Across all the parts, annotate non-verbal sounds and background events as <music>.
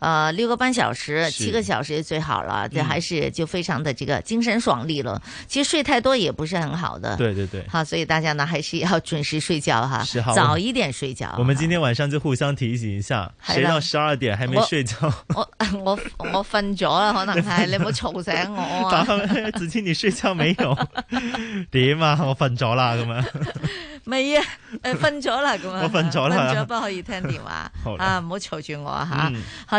呃，六個半小時、七個小時最好了，對，還是就非常的這個精神爽利了、嗯。其實睡太多也不是很好的，對對對。好、啊、所以大家呢還是要準時睡覺哈，好早一點睡覺我。我們今天晚上就互相提醒一下，誰到十二點還沒睡覺？我我我瞓着了可能係你唔好嘈醒我啊。子矜你睡覺沒有？點啊？我瞓咗啦，咁啊？未啊？誒，瞓咗啦，咁啊？我瞓咗啦，瞓咗不可以聽電話啊！唔好嘈住我啊！吓，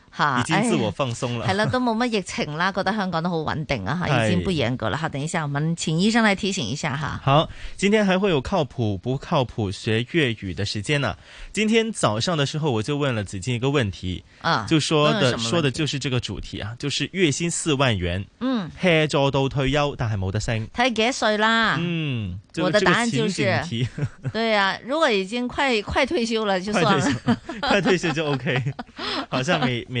已經自我放鬆了，是了都沒疫情啦，覺得香港都好穩定啊， <laughs> 已經不嚴格了，等一下，我們請醫生來提醒一下哈好，今天還會有靠譜不靠譜學粵語的時間呢？今天早上的時候我就問了子矜一個問題，啊，就說的說的就是這個主題啊，就是月薪四萬元，嗯，Hea 做到退休但還冇得升，睇幾歲啦，嗯，我的答案就是，這個情景題， <laughs> 對啊，如果已經快快退休了就算了，快退， <laughs> 快退休就 OK，好像沒沒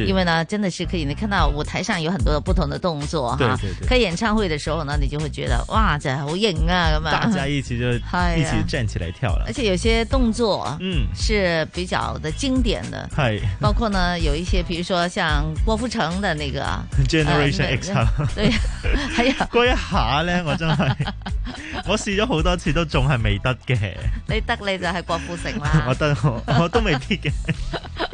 因為呢，真的是可以，你看到舞台上有很多不同的動作哈。開、啊、演唱會的時候呢，你就會覺得哇，好型啊！咁樣？大家一起就、啊、一起站起來跳了。而且有些動作，嗯，是比較的經典的、嗯。包括呢，有一些，比如說像郭富城的那個、啊、Generation X、呃。對，係啊。嗰一下呢，我真係， <laughs> 我試咗好多次都仲係未得嘅。你得你就係郭富城啦。我得，我我都未必嘅。 <laughs>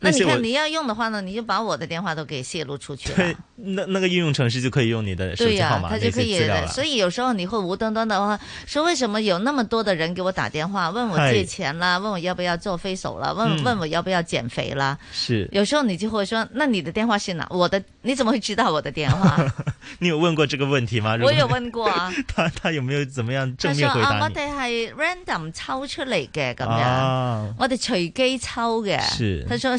那，那你看你要用的話呢，你就把我的電話都給洩露出去了。對，那那個應用程式就可以用你的手機號碼對呀，啊，他就可以。所以有時候你會無端端的話說，為什麼有那麼多的人給我打電話，問我借錢啦，哎，問我要不要做飛手啦，問、嗯、問我要不要減肥啦？是。有時候你就會說，那你的電話是哪？我的？你怎麼會知道我的電話？ <laughs> 你有問過這個問題嗎？我有問過啊。 <laughs> 他他有沒有怎麼樣正面回答？他說啊，我哋係 random 抽出嚟嘅，咁樣，我哋隨機抽嘅，他說。啊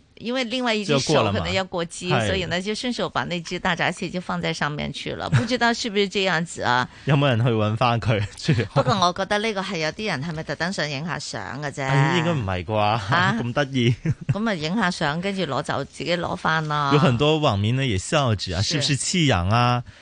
因為另外一隻手可能要過雞，所以呢就順手把那隻大閘蟹就放在上面去了，不知道是不是這樣子啊？ <laughs> 有冇人去揾翻佢？ <laughs> 不過我覺得呢個係有啲人係咪特登想影下相㗎啫？應該唔係啩？咁得意？咁啊影下相，跟住攞走自己攞翻啦。有很多網民呢也笑住啊，是不是棄養啊？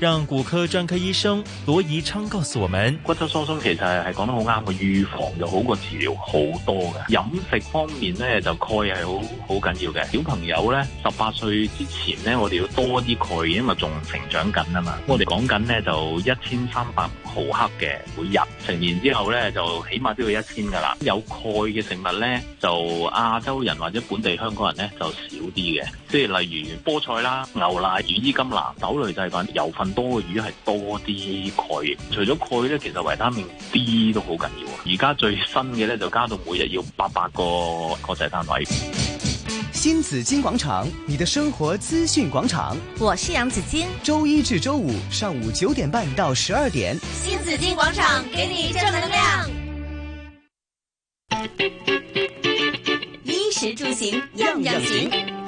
讓骨科專科醫生羅宜昌告訴我們：骨質疏鬆其實係講得好啱嘅，預防就好過治療好多嘅。飲食方面咧，就鈣係好好緊要嘅。小朋友咧，十八歲之前咧，我哋要多啲鈣，因為仲成長緊啊嘛。我哋講緊咧就一千三百毫克嘅每日，成年之後咧就起碼都要一千噶啦。有鈣嘅食物咧，就亞洲人或者本地香港人咧就少啲嘅，即係例如菠菜啦、牛奶、羽衣甘藍、豆類製品有分。多嘅魚係多啲鈣，除咗鈣呢，其實維他命 D 都好緊要啊。而家最新嘅咧，就加到每日要八百個國際單位。新紫荊廣場，你的生活資訊廣場，我是楊子矜，周一至周五上午九點半到十二點，新紫荊廣場給你正能量，衣食住行樣樣行。樣行。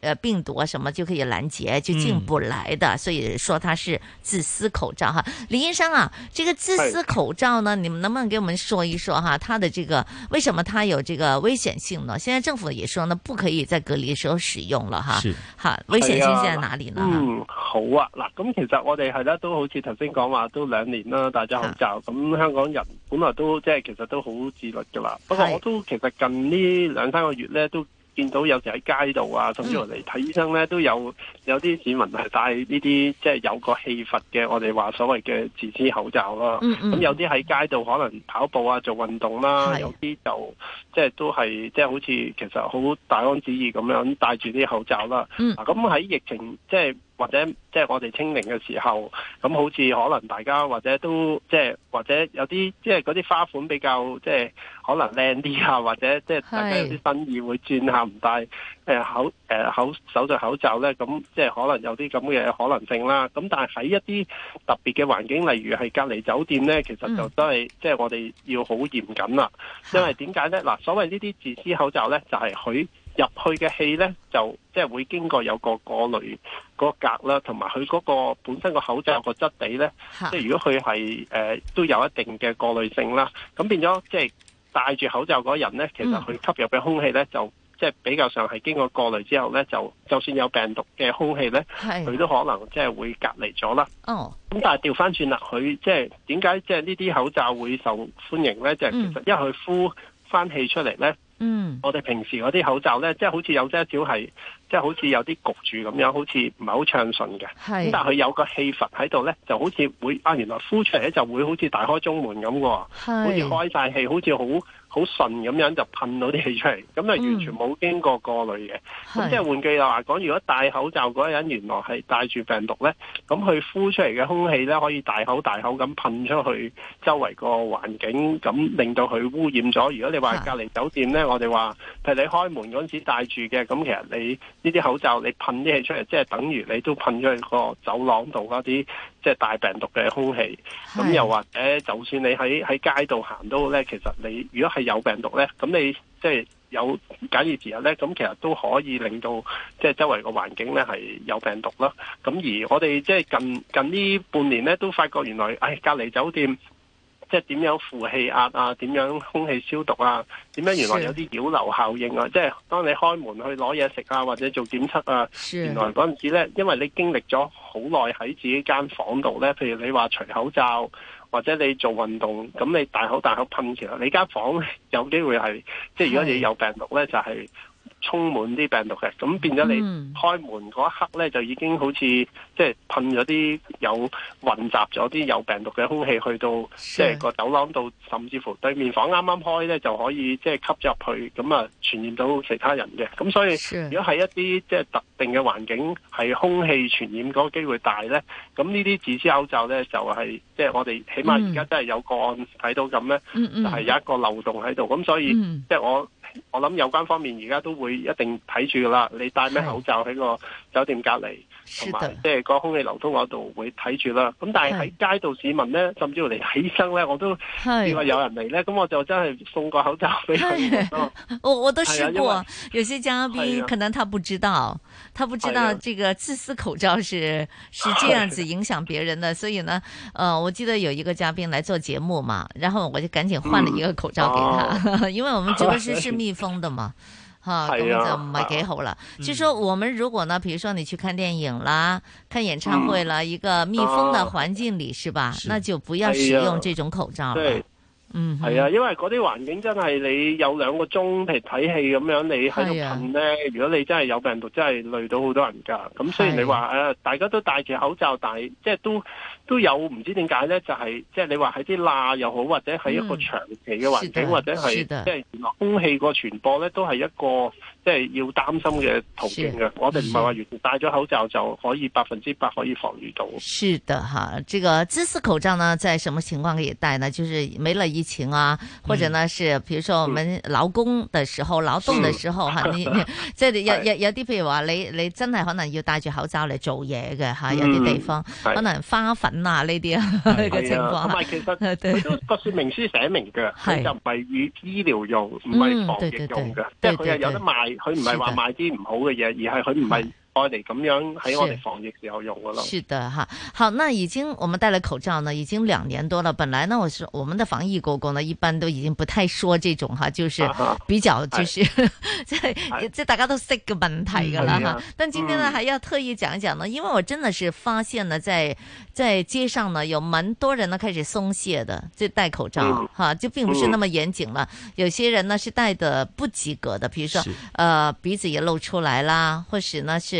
呃，病毒啊什麼就可以攔截，就進不來的，嗯、所以說它是自私口罩哈。林醫生啊，這個自私口罩呢，你們能不能給我們說一說哈、啊？它的這個為什麼它有這個危險性呢？現在政府也說呢，不可以在隔離的時候使用了哈。是，好、啊，危險性在哪裏呢、啊？嗯，好啊，嗱，咁其實我哋係啦，都好似頭先講話都兩年啦，戴住口罩，咁香港人本來都即係其實都好自律噶啦。不過我都其實近呢兩三個月咧都。見到有時喺街度啊，甚至我哋睇醫生咧，都有有啲市民係戴呢啲即係有個氣閥嘅，我哋話所謂嘅自私口罩啦。咁、嗯嗯、有啲喺街度可能跑步啊做運動啦，有啲就即係都係即係好似其實好大安旨意咁樣戴住啲口罩啦。啊、嗯，咁喺疫情即係。或者即係我哋清明嘅時候，咁好似可能大家或者都即係或者有啲即係嗰啲花款比較即係可能靚啲啊，或者即係大家有啲生意會轉下，唔戴，誒、呃、口，誒、呃、口手術口罩咧，咁即係可能有啲咁嘅可能性啦。咁但係喺一啲特別嘅環境，例如係隔離酒店咧，其實就都係、嗯、即係我哋要好嚴謹啦。因為點解咧？嗱，所謂呢啲自私口罩咧，就係佢。入去嘅氣咧，就即係會經過有個過濾個格啦，同埋佢嗰個本身個口罩個質地咧，即係如果佢係誒都有一定嘅過濾性啦，咁變咗即係戴住口罩嗰人咧，其實佢吸入嘅空氣咧，就即係比較上係經過過濾之後咧，就就算有病毒嘅空氣咧，佢都可能即係會隔離咗啦。哦，咁但係調翻轉啦，佢即係點解即係呢啲口罩會受歡迎咧、嗯？即係其實一佢呼翻氣出嚟咧。嗯，我哋平時嗰啲口罩咧，即係好似有少少係即係好似有啲焗住咁樣，好似唔係好暢順嘅。係，咁但係佢有個氣閥喺度咧，就好似會啊，原來呼出嚟咧就會好似大開中門咁喎，係，好似開晒氣，好似好。好順咁樣就噴到啲氣出嚟，咁就完全冇經過過濾嘅，咁即係換句話講，如果戴口罩嗰個人原來係帶住病毒呢，咁佢呼出嚟嘅空氣呢，可以大口大口咁噴出去周圍個環境，咁令到佢污染咗。如果你話隔離酒店呢，我哋話譬如你開門嗰時戴住嘅，咁其實你呢啲口罩你噴啲氣出嚟，即係等於你都噴咗去個走廊度嗰啲。即係大病毒嘅空氣，咁又或者就算你喺喺街度行都咧，其實你如果係有病毒咧，咁你即係有假以時日咧，咁其實都可以令到即係周圍個環境咧係有病毒啦。咁而我哋即係近近呢半年咧，都發覺原來唉隔離酒店。即係點樣負氣壓啊？點樣空氣消毒啊？點樣原來有啲擾流效應啊？即係當你開門去攞嘢食啊，或者做檢測啊，原來嗰陣時咧，因為你經歷咗好耐喺自己間房度咧，譬如你話除口罩或者你做運動，咁你大口大口噴嘅時候，你間房有機會係即係，如果你有病毒咧，就係、是。充滿啲病毒嘅，咁變咗你開門嗰一刻咧、嗯，就已經好似即係噴咗啲有混雜咗啲有病毒嘅空氣去到，即係、就是、個走廊度，甚至乎對面房啱啱開咧就可以即係、就是、吸入去，咁啊傳染到其他人嘅。咁所以如果係一啲即係特定嘅環境係空氣傳染嗰個機會大咧，咁呢啲自私口罩咧就係即係我哋起碼而家真係有個案睇到咁咧，就係、是、有一個漏洞喺度。咁所以即係、嗯就是、我。.我諗有關方面而家都會一定睇住噶啦，你戴咩口罩喺個酒店隔離？即係個空氣流通嗰度會睇住啦，咁但係喺街道市民呢甚至嚟起身呢，我都見過有人嚟呢，咁我就真係送個口罩俾佢。我我都試過，有些嘉賓可能他不知道，他不知道這個自私口罩是是，是這樣子影響別人的，的，所以呢，呃，我記得有一個嘉賓來做節目嘛，然後我就趕緊換了一個口罩給他，嗯哦、 <laughs> 因為我們直播室是密封的嘛。哈、啊，口、啊、就唔係幾好啦、啊，就是、說我們如果呢，譬、嗯、如說你去看電影啦，看演唱會啦，嗯、一個密封嘅環境裏、啊，是吧？那就不要使用這種口罩對、啊、嗯，係啊，因為嗰啲環境真係你有兩個鐘譬如睇戲咁樣，你喺度噴咧，如果你真係有病毒，真係累到好多人噶。咁雖然你話誒、啊啊，大家都戴住口罩，但係即係都。都有唔知點解咧，就係即係你話喺啲罅又好，或者係一個長期嘅環境、嗯，或者係即係空氣個傳播咧，都係一個。即係要擔心嘅途徑嘅，我哋唔係話完全戴咗口罩就可以百分之百可以防禦到。是的哈，這個知識口罩呢，在什麼情況可以戴呢？就是沒了疫情啊，嗯、或者呢是，比如說我們勞工的時候、嗯、勞動的時候哈、嗯，你這裏 <laughs> 有有有啲譬如話你你真係可能要戴住口罩嚟做嘢嘅吓，有啲地方可能花粉啊呢啲啊個情況啊。唔係，其實佢都個說明書寫明嘅，就唔係醫醫療用，唔係防疫用嘅、嗯，即係佢係有得賣。佢唔係話買啲唔好嘅嘢，而係佢唔係。我哋咁樣喺我哋防疫時候用噶咯。是的哈，好，那已經我們戴了口罩呢，已經兩年多了。本來呢，我是我們的防疫哥哥呢，一般都已經不太說這種哈，就是比較就是在，係、啊啊、 <laughs> 大家都識嘅問題噶啦哈。但今天呢、嗯，還要特意講一講呢，因為我真的是發現呢，在在街上呢，有蠻多人呢開始鬆懈的，就戴口罩哈、嗯啊，就並不是那麼嚴謹了、嗯。有些人呢是戴得不及格的，比如說，呃，鼻子也露出來啦，或者呢是。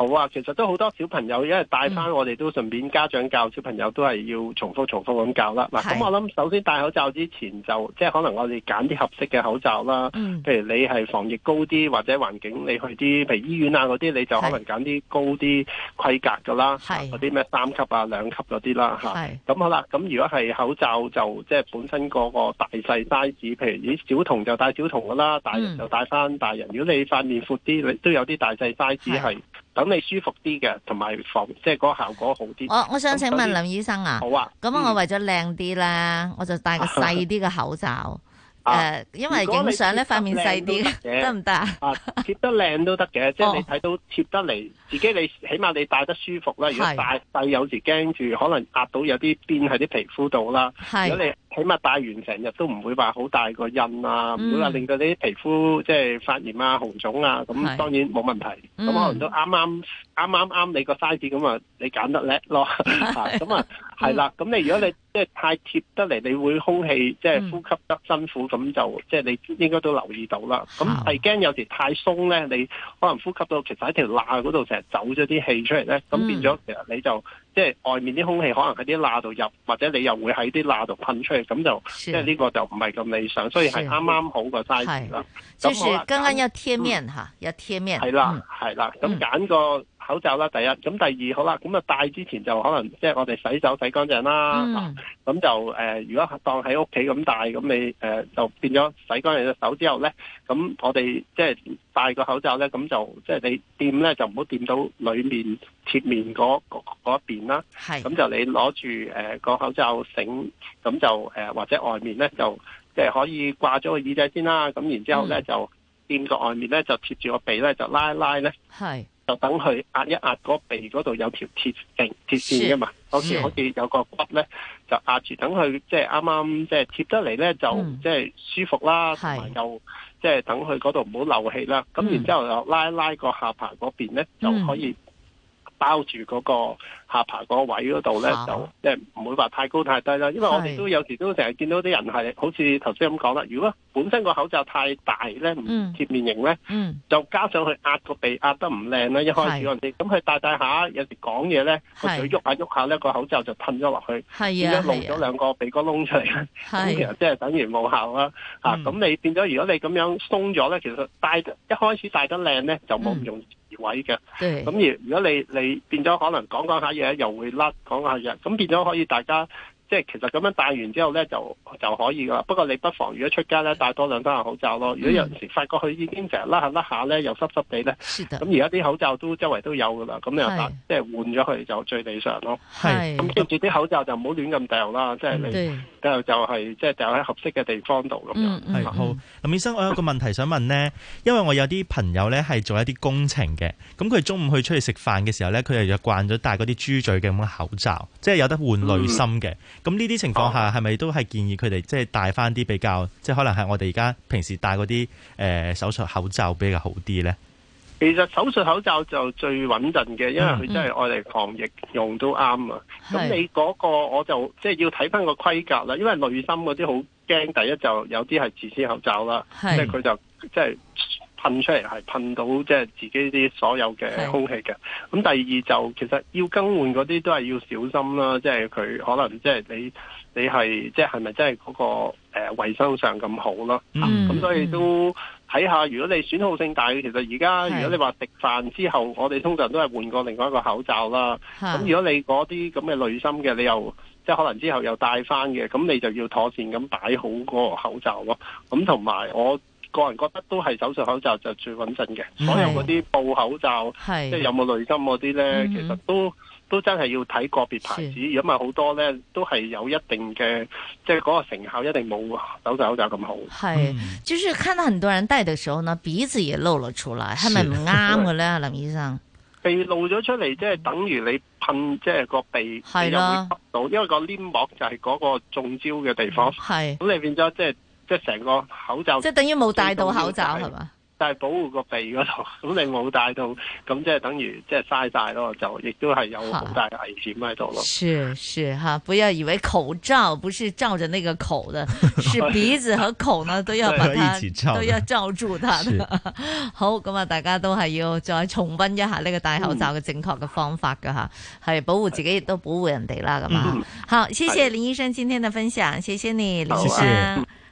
好啊，其實都好多小朋友，因為戴翻我哋都順便家長教、嗯、小朋友都係要重複重複咁教啦。嗱，咁我諗首先戴口罩之前就，即係可能我哋揀啲合適嘅口罩啦。嗯，譬如你係防疫高啲或者環境，你去啲譬如醫院啊嗰啲，你就可能揀啲高啲規格噶啦。嗰啲咩三級啊兩級嗰啲啦。咁好啦，咁、啊、如果係口罩就即係本身個個大細 size，譬如小童就戴小童噶啦，大人就戴翻大人、嗯。如果你塊面闊啲，你都有啲大細 size 係。咁你舒服啲嘅，同埋防即係嗰效果好啲。我我想請問林醫生啊，嗯、好啊，咁、嗯、我為咗靚啲咧，我就戴個細啲嘅口罩。誒、啊呃，因為影相咧，塊面細啲得唔得？貼得靚都 <laughs> 得嘅， <laughs> 即係你睇到貼得嚟、哦，自己你起碼你戴得舒服啦。如果戴，戴有時驚住可能壓到有啲邊喺啲皮膚度啦。如果你起碼戴完成日都唔會話好大個印啊，唔、嗯、會話令到你啲皮膚即係發炎啊、紅腫啊，咁當然冇問題。咁、嗯、可能都啱啱啱啱啱你個 size 咁、 <laughs> <laughs> 嗯、啊，你揀得叻咯。咁啊，係啦。咁你如果你即係太貼得嚟，你會空氣即係呼吸得辛苦，咁、嗯、就即係、就是、你應該都留意到啦。咁係驚有時太鬆咧，你可能呼吸到其實喺條罅嗰度成日走咗啲氣出嚟咧，咁、嗯、變咗其實你就。即係外面啲空氣可能喺啲罅度入、嗯，或者你又會喺啲罅度噴出嚟，咁就即係呢個就唔係咁理想，所以係啱啱好個 size 啦。咁我話，就係剛剛要貼面嚇、嗯，要貼面。係啦，係、嗯、啦，咁揀個口罩啦，第一咁，第二好啦，咁啊戴之前就可能即係我哋洗手洗乾淨啦，咁、嗯啊、就誒、呃，如果當喺屋企咁戴，咁你誒、呃、就變咗洗乾淨隻手之後咧，咁我哋即係戴個口罩咧，咁就即係你掂咧就唔好掂到裏面貼面嗰嗰嗰一邊啦，咁就你攞住誒個口罩繩，咁就誒、呃、或者外面咧就即係可以掛咗個耳仔先啦，咁然之後咧、嗯、就掂個外面咧就貼住個鼻咧就拉一拉咧。就等佢壓一壓嗰鼻嗰度有條鐵線，鐵線㗎嘛，好似好似有個骨咧，就壓住，等佢即係啱啱即係貼得嚟咧，就即係舒服啦，同埋又即係等佢嗰度唔好漏氣啦。咁然之後又拉一拉個下巴嗰邊咧、嗯，就可以。包住嗰個下巴嗰個位嗰度咧，就即係唔會話太高太低啦。因為我哋都有時都成日見到啲人係好似頭先咁講啦。如果本身個口罩太大咧，唔貼面型咧、嗯，就加上去壓個鼻壓得唔靚啦。一開始陣時咁佢戴戴下，有時講嘢咧，佢就喐下喐下咧，個口罩就褪咗落去，變咗露咗兩個鼻哥窿出嚟。咁其實即係等於無效啦。咁、嗯啊、你變咗，如果你咁樣鬆咗咧，其實戴一開始戴得靚咧，就冇咁容易、嗯。位嘅係，咁而如果你你變咗可能講講下嘢，又會甩，講下嘢咁變咗可以大家。即係其實咁樣戴完之後咧，就就可以噶啦。不過你不妨如果出街咧，戴多兩雙口罩咯。如果有時發覺佢已經成日甩下甩下咧，又濕濕地咧，咁而家啲口罩都周圍都有噶啦。咁你又即係換咗佢就最理想咯。係咁，跟住啲口罩就唔好亂咁掉啦。即係、就是、你就係即係掉喺合適嘅地方度咁樣。係好，林醫生，我有一個問題想問呢？ <laughs> 因為我有啲朋友咧係做一啲工程嘅，咁佢中午去出去食飯嘅時候咧，佢又慣咗戴嗰啲豬嘴嘅咁嘅口罩，即、就、係、是、有得換濾芯嘅。嗯咁呢啲情況下，係、哦、咪都係建議佢哋即係戴翻啲比較，即可能係我哋而家平時戴嗰啲、呃、手術口罩比較好啲呢？其實手術口罩就最穩陣嘅，因為佢真係愛嚟防疫用都啱啊。咁、嗯、你嗰個我就即係、就是、要睇翻個規格啦，因為內心嗰啲好驚，第一就有啲係紙質口罩啦，即係佢就即、是、係。就是噴出嚟係噴到即係、就是、自己啲所有嘅空氣嘅，咁第二就其實要更換嗰啲都係要小心啦，即係佢可能即係你你係即係係咪真係嗰、嗰個誒、呃、衞生上咁好咯？咁、嗯、所以都睇下如果你損耗性大，其實而家如果你話食飯之後，我哋通常都係換過另外一個口罩啦。咁如果你嗰啲咁嘅濾芯嘅，你又即係、就是、可能之後又戴翻嘅，咁你就要妥善咁擺好嗰個口罩咯。咁同埋我。個人覺得都係手術口罩就最穩陣嘅，所有嗰啲布口罩，即係有冇濾芯嗰啲咧，其實都都真係要睇個別牌子，如果唔係好多咧，都係有一定嘅，即係嗰個成效一定冇手術口罩咁好。係，就是看到很多人戴嘅時候呢，呢鼻子也露咗出來，係咪唔啱嘅咧，林醫生？ <laughs> 被露咗出嚟，即係等於你噴，即係個鼻，你又會噴到，因為個黏膜就係嗰個中招嘅地方。係，咁你變咗即係。就是即係成個口罩，即係等於冇戴到口罩係嘛？但係保護個鼻嗰度，咁你冇戴到，咁即係等於即係嘥晒咯，就亦都係有好大嘅危險喺度咯。是是哈、啊，不要以為口罩不是罩着那個口的， <laughs> 是鼻子和口呢都要把它、 <laughs> 啊、都要罩住它。 <laughs> 好咁啊，那大家都係要再重温一下呢個戴口罩嘅正確嘅方法噶吓，係、嗯、保護自己亦都保護人哋啦噶嘛。好，謝謝林醫生今天的分享，嗯、謝謝你，林醫生。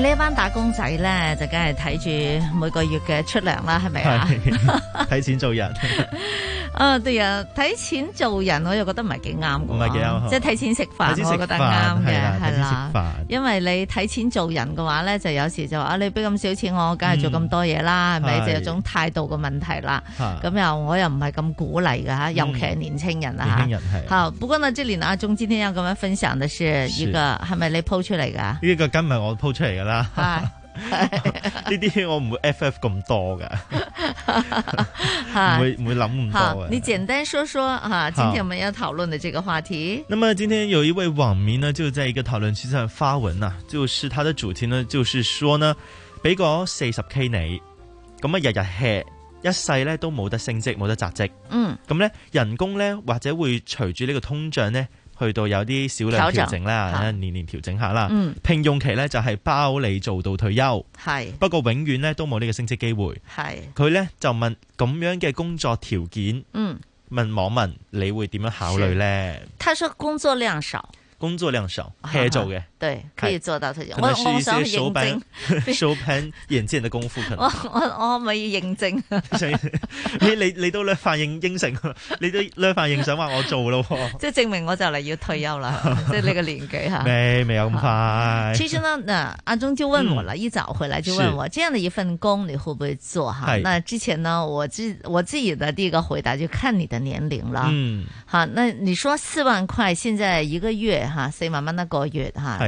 呢一班打工仔咧，就梗係睇住每個月嘅出糧啦，係咪啊？睇錢做人啊，啲人睇錢做人， <laughs> 對啊、睇錢做人我又覺得唔係幾啱，唔係幾啱，即係睇錢食飯，我覺得啱嘅，係啦。因為你睇錢做人嘅話咧，就有時就話啊，你俾咁少錢我，梗係做咁多嘢啦，係咪？就有種態度嘅問題啦。咁又我又唔係咁鼓勵嘅吓，尤其係年輕人啊吓、嗯。年輕人係。好，不過呢，即連阿中今天有咁樣分享嘅是一、呢個係咪你鋪出嚟嘅？呢、這個梗係我鋪出嚟噶啦。呢啲 <laughs> 我唔會 FF 咁多嘅。唔會唔會諗唔到。 <laughs> 好， <laughs> 你簡單說說今天我們要討論的這個話題。那麼今天有一位網民呢，就在一個討論區上發文、啊、就是他的主題呢，就是說呢，俾個四十 K 你，咁啊日日吃，一世呢都冇得升職，冇得扎職，嗯，咁呢，人工呢，或者會隨住呢個通脹呢。去到有啲小量調整啦，年年調整下啦、嗯。聘用期咧就係包你做到退休，係、嗯、不過永遠咧都冇呢個升職機會。係佢咧就問咁樣嘅工作條件，嗯，問網民你會點樣考慮呢？他說工作量少，工作量少，係、啊、做嘅。對，可以做到退休。我我我想去驗證，收盤眼見的功夫可能 <laughs> 我。我我我咪要認證， <laughs> 你你你都兩反應應承，你都兩反應 <laughs> 你都想話我做咯，即係證明我就嚟要退休啦， <laughs> 即係呢個年紀嚇。未未有咁快。嗯、其實呢，阿、啊、中就問我啦，一早回來就問我，這樣的一份工，你會唔會做哈？那之前呢，我自我自己的第一個回答就看你的年齡啦。嗯。好、啊，那你說四萬塊，現在一個月哈，四萬蚊一個月哈。啊，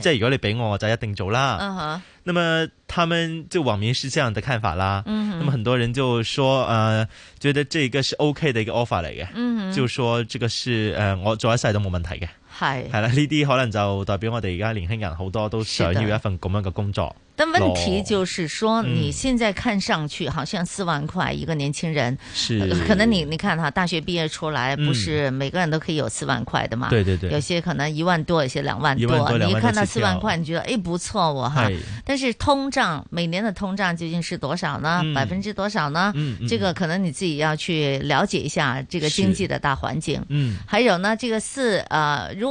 即係如果你俾我，我就一定做啦。嗯哼，那麼他們就網民是這樣的看法啦。嗯、uh-huh.，那麼很多人就說，誒、呃，覺得這個是 OK 的一個 offer 嚟嘅。嗯、uh-huh.，就說這個是誒、呃，我做一世都冇問題嘅。係係啦，呢啲可能就代表我哋而家年輕人好多都想要一份咁樣嘅工作。但問題就是說，嗯、你現在看上去好像四萬塊一個年輕人是、呃，可能你你看哈，大學畢業出來、嗯，不是每個人都可以有四萬塊的嘛？對對對，有些可能一萬多，有些兩萬,萬,萬多。你一看到四萬塊，你覺得誒、哎、不錯喔、哦、哈，但是通脹每年的通脹究竟是多少呢？嗯、百分之多少呢、嗯嗯？這個可能你自己要去了解一下，這個經濟的大環境。嗯，還有呢，這個四，呃，如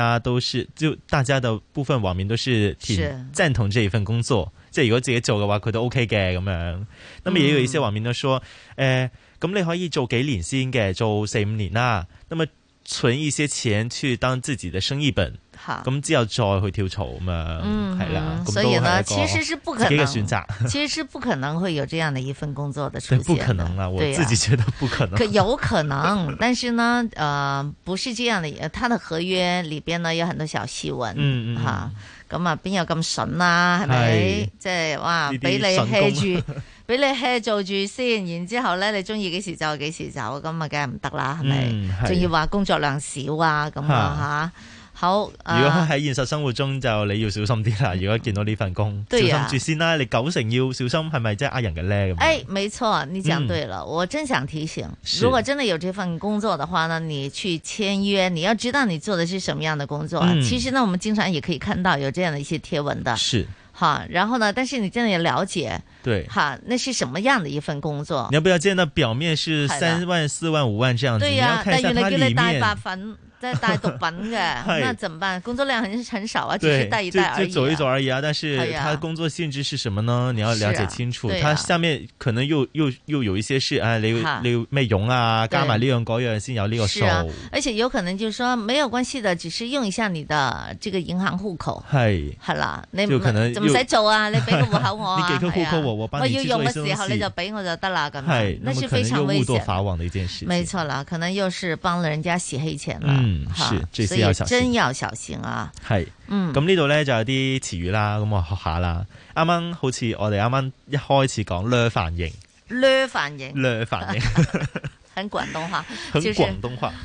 大家都是，就大家的部分網民都是挺贊同這一份工作，即係如果自己做嘅話，佢都 OK 嘅咁樣。那麼也有一些網民都說，誒、嗯，咁你可以做幾年先嘅，做四五年啦，那麼存一些錢去當自己的生意本。咁、嗯、之後再去跳槽嘛，係、嗯、啦、嗯嗯嗯。所以呢，其實是不可能嘅個選擇， <laughs> 其實是不可能會有這樣的一份工作的出現的。不可能啦、啊，我自己覺得不可能。可有可能，但是呢，呃，不是這樣的。他的合約裏邊呢有很多小細文，吓、嗯、咁啊，邊有咁筍啦？係咪？即係、就是、哇，俾你 hea 住，俾你 hea 做住先，然後之後咧，你中意幾時走幾時走，咁啊，梗係唔得啦，係、嗯、咪？仲要話工作量少啊，咁啊吓。好、呃，如果喺現實生活中就你要小心啲啦、嗯。如果見到呢份工、啊，小心住先啦、啊。你九成要小心是是是，係咪真係呃人嘅咧？咁誒，沒錯，你講對啦、嗯。我真想提醒，如果真的有這份工作的話呢，呢你去簽約，你要知道你做的是什麼樣的工作、嗯。其實呢，我們經常也可以看到有這樣的一些貼文的。是，哈，然後呢，但是你真的要了解，對，哈，那是什麼樣的一份工作？你要不要見到表面是三萬、四萬、五萬這樣子、啊啊？你要看一下佢裏面。係帶毒品嘅， <laughs> 那怎麼辦？工作量很很少啊，只、就是帶一帶而已、啊，就就走一走而已啊。但是它工作性質是什麼呢？你要了解清楚。啊啊、它下面可能又又又有一些事啊，你你咩用啊？加埋利用嗰樣先有呢個數。而且有可能就是說沒有關係的，只是用一下你的這個銀行戶口。係，係啦，你就可能怎唔使做啊， <laughs> 你俾個戶口我， <laughs> 我你俾個我的，要用嘅時候你就俾我就得啦咁樣。那是非常誤墮法網的一件事。沒錯啦，可能又是幫了人家洗黑錢啦。嗯嗯是小、啊，所以真要小心啊！係，嗯，咁、嗯、呢度咧就有啲詞語啦，咁我學下啦。啱啱好似我哋啱啱一開始講嘞反應，嘞反應，嘞反應， <laughs> 很廣東話，很廣東話。就是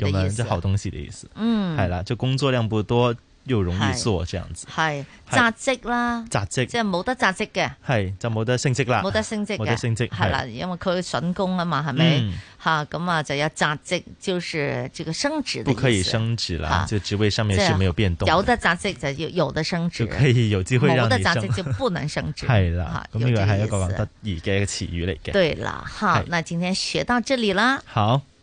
嘅意思，好東西的意思。嗯，係啦，就工作量不多又容易做，這樣子。係扎職啦，扎職即係冇得扎職嘅，係就冇得升職啦，冇得升職冇得升職係啦，因為佢筍工啊嘛，係咪吓？咁、嗯、啊就有扎職，就是，這個升職，不可以升職啦。啊、就職位上面是沒有變動，有得扎職就有，有得升職可以有機會讓你升職，就不能升職。係 <laughs> 啦，咁呢個係一個得意嘅詞語嚟嘅。對啦，好，那今天學到這裏啦。好。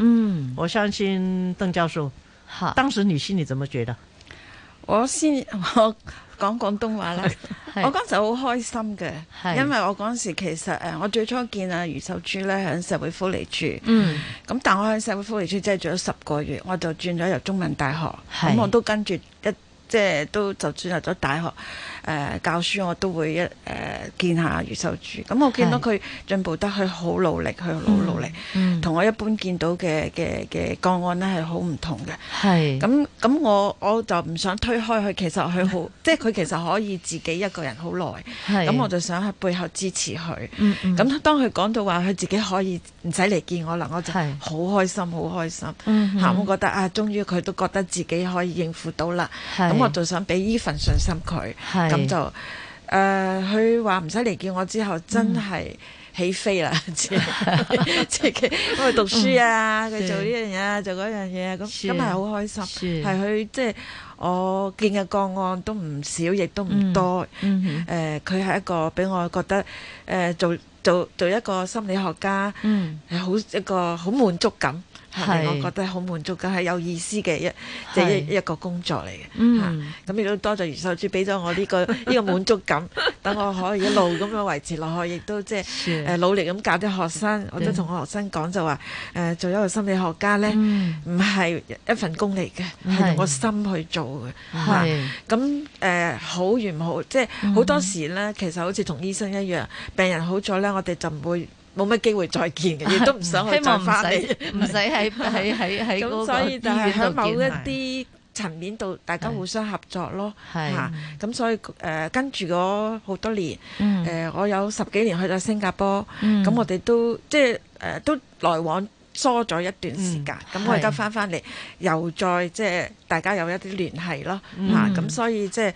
嗯，我相信鄧教授。當時你心裏怎麼覺得？我先我講廣東話啦。 <laughs> 我嗰陣時好開心嘅， <laughs> 因為我嗰陣時其實誒、呃，我最初見阿余秀珠咧喺社會福利處。嗯。咁，但我喺社會福利處即係住咗十個月，我就轉咗入中文大學。咁、 <laughs> 嗯嗯、我都跟住一即係都就轉入咗大學。誒、呃、教書我都會、呃、一誒見下余秀珠，咁、嗯、我見到佢進步得佢好努力，佢好努力，同、嗯、我一般見到嘅嘅嘅個案咧係好唔同嘅。係咁咁，我我就唔想推開佢，其實佢好，即係佢其實可以自己一個人好耐。係咁、嗯，我就想喺背後支持佢。嗯咁、嗯嗯嗯、當佢講到話佢自己可以唔使嚟見我啦，我就好開心，好開心。嗯，嗯我覺得啊，終於佢都覺得自己可以應付到啦。係。咁我就想俾依份信心佢。咁就誒，佢話唔使嚟見我之後真係起飛啦！即、嗯、係 <laughs> <laughs> 因為讀書啊，佢、嗯、做呢樣嘢啊，做嗰樣嘢啊，咁咁係好開心。係佢即係我見嘅個案都唔少，亦都唔多。誒佢係一個俾我覺得誒、呃、做做做一個心理學家，係、嗯、好一個好滿足感。令我覺得好滿足嘅，係有意思嘅，一即係一一個工作嚟嘅。咁亦都多謝余秀珠俾咗我呢個呢個滿足感，等 <laughs> 我可以一路咁樣維持落去，亦都即係誒努力咁教啲學生。我都同我學生講就話誒、呃，做一個心理學家咧，唔、嗯、係一份工嚟嘅，係用個心去做嘅。咁誒好與唔好，即係好多時咧，其實好似同醫生一樣，病人好咗咧，我哋就唔會。冇乜機會再見嘅，亦都唔想、啊、希望翻嚟，唔使喺喺喺喺嗰個醫院度見埋。咁所以就喺某一啲層面度，大家互相合作咯。嚇，咁、啊、所以誒、呃、跟住我好多年，誒、嗯呃、我有十幾年去咗新加坡，咁、嗯、我哋都即係誒、呃、都來往。疏咗一段時間，咁我而家返返嚟，又再即係大家有一啲聯繫咯，吓、嗯，咁、啊、所以即係誒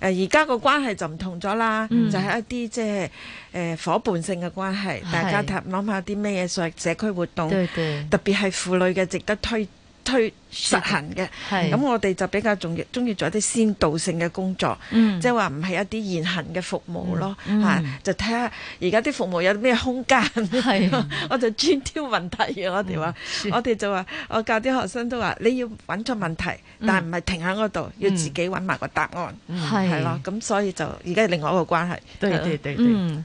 而家個關係就唔同咗啦、嗯，就係、是、一啲即係誒夥伴性嘅關係、嗯，大家睇諗下啲咩嘢在社區活動，對對特別係婦女嘅值得推。推實行嘅，咁我哋就比較鍾意，中意做一啲先導性嘅工作，即係話唔係一啲現行嘅服務咯，嚇、嗯嗯啊、就睇下而家啲服務有咩空間。係， <laughs> 我就專挑問題啊、嗯！我哋話，我哋就話，我教啲學生都話，你要揾出問題，嗯、但係唔係停喺嗰度，要自己揾埋個答案，係、嗯、咯。咁所以就而家係另外一個關係。對對對對。嗯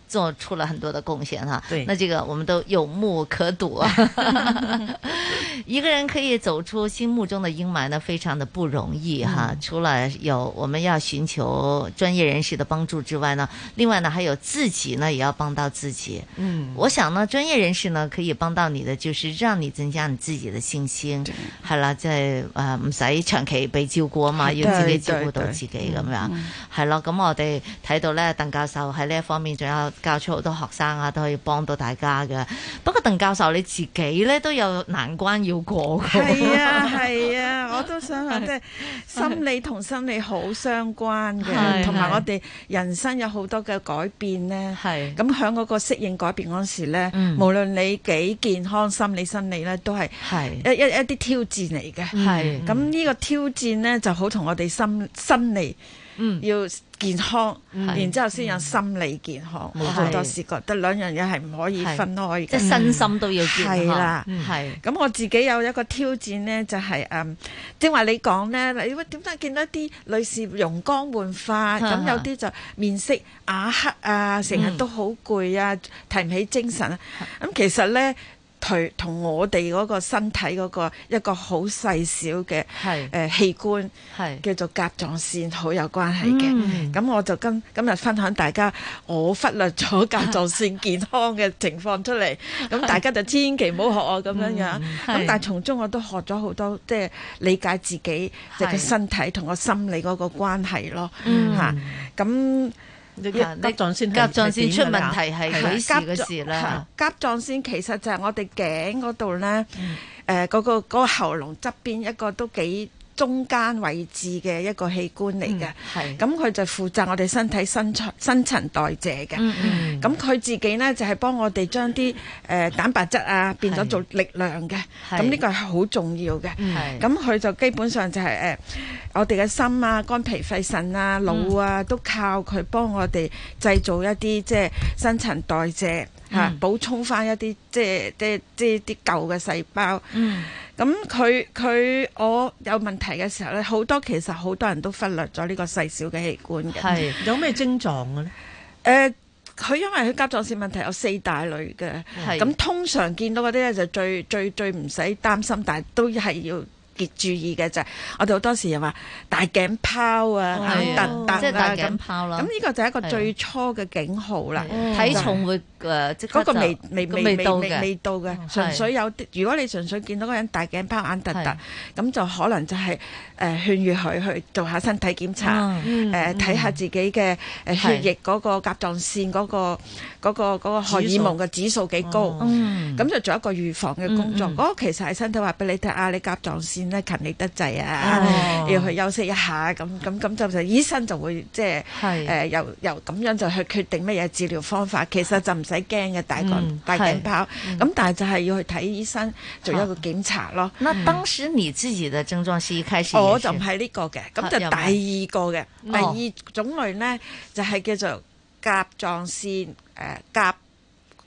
做出了很多的貢獻哈，對，那這個我們都有目可睹。 <laughs> <laughs> 一個人可以走出心目中的陰霾呢，非常的不容易哈、嗯。除了有我們要尋求專業人士的幫助之外呢，另外呢，還有自己呢也要幫到自己。嗯，我想呢，專業人士呢可以幫到你的，就是讓你增加你自己的信心。好了，在呃唔使長期被照顧啊嘛，對對對，要自己照顧到自己咁樣，係、嗯、咯。咁、嗯、我哋睇到咧，鄧教授喺呢一方面，仲有。教出好多學生啊，都可以幫到大家㗎。不過鄧教授你自己咧都有難關要過。係啊，係啊， <laughs> 我都想話即係心理同生理好相關嘅，同埋我哋人生有好多嘅改變咧。係。咁喺嗰個適應改變嗰時咧，是是無論你幾健康，心理生理咧都係係一一一啲挑戰嚟嘅。係。咁呢個挑戰咧就好同我哋心生理嗯，要。健康，然之後先有心理健康。嗯、我好多時覺得兩樣嘢係唔可以分開嘅，即係、就是、身心都要健康。係啦，係。咁我自己有一個挑戰呢，就係、是、誒，即、嗯、正話你講呢，你喂點解見到啲女士容光煥發，咁有啲就面色瓦黑啊，成日都好攰啊，嗯、提唔起精神啊，咁、嗯嗯、其實呢。佢同我哋嗰個身體嗰個一個好細小嘅誒，呃、器官，叫做甲狀腺，好有關係嘅。咁、嗯、我就今今日分享大家，我忽略咗甲狀腺健康嘅情況出嚟。咁大家就千祈唔好學我咁樣樣。咁、嗯、但係從中我都學咗好多，即、就、係、是、理解自己即係個身體同個心理嗰個關係咯。嚇咁。嗯啊甲狀腺甲狀腺出問題，係係甲狀腺其實就係我哋頸嗰度咧，誒、嗯，嗰、呃嗰個嗰、嗰個喉嚨側邊一個都幾，中間位置嘅一個器官嚟嘅，咁、嗯、佢就負責我哋身體新新陳代謝嘅，咁、嗯、佢、嗯、自己呢，就係、是、幫我哋將啲誒、呃、蛋白質啊變咗做力量嘅，咁呢個係好重要嘅。咁、嗯、佢就基本上就係、是、誒、嗯，我哋嘅心啊、肝脾肺腎啊、腦啊、嗯，都靠佢幫我哋製造一啲即係新陳代謝吓、嗯啊，補充返一啲即係即係即係啲舊嘅細胞。嗯。咁佢、佢我有問題嘅時候咧，好多其實好多人都忽略咗呢個細小嘅器官嘅。係 <laughs> 有咩症狀嘅咧？誒、呃，佢因為佢甲狀腺問題有四大類嘅，係，咁通常見到嗰啲咧就最最最唔使擔心，但係都係要。注意嘅就係，我哋好多時又話大頸泡啊、眼凸凸啊，咁呢、啊、個就係一個最初嘅警號啦。嗯、體重會誒即嗰個未未未未未到嘅、嗯，純粹有。如果你純粹見到個人大頸泡、眼凸凸，咁就可能就係誒勸喻佢去做下身體檢查，誒睇下自己嘅血液嗰個甲狀腺嗰個嗰荷爾蒙嘅指數幾高，咁就做一個預防嘅工作。嗰個其實係身體話俾你聽啊，你甲狀腺。勤力得滯啊，要去休息一下咁，咁咁就就醫生就會即係誒又又咁樣就去決定乜嘢治療方法，其實就唔使驚嘅，大個、嗯、大頸泡咁，但係就係要去睇醫生做一個檢查咯。那當時你自己嘅症狀是一開始是，我就唔係呢個嘅，咁就第二個嘅、哦、第二種類咧，就係、是、叫做甲狀腺誒甲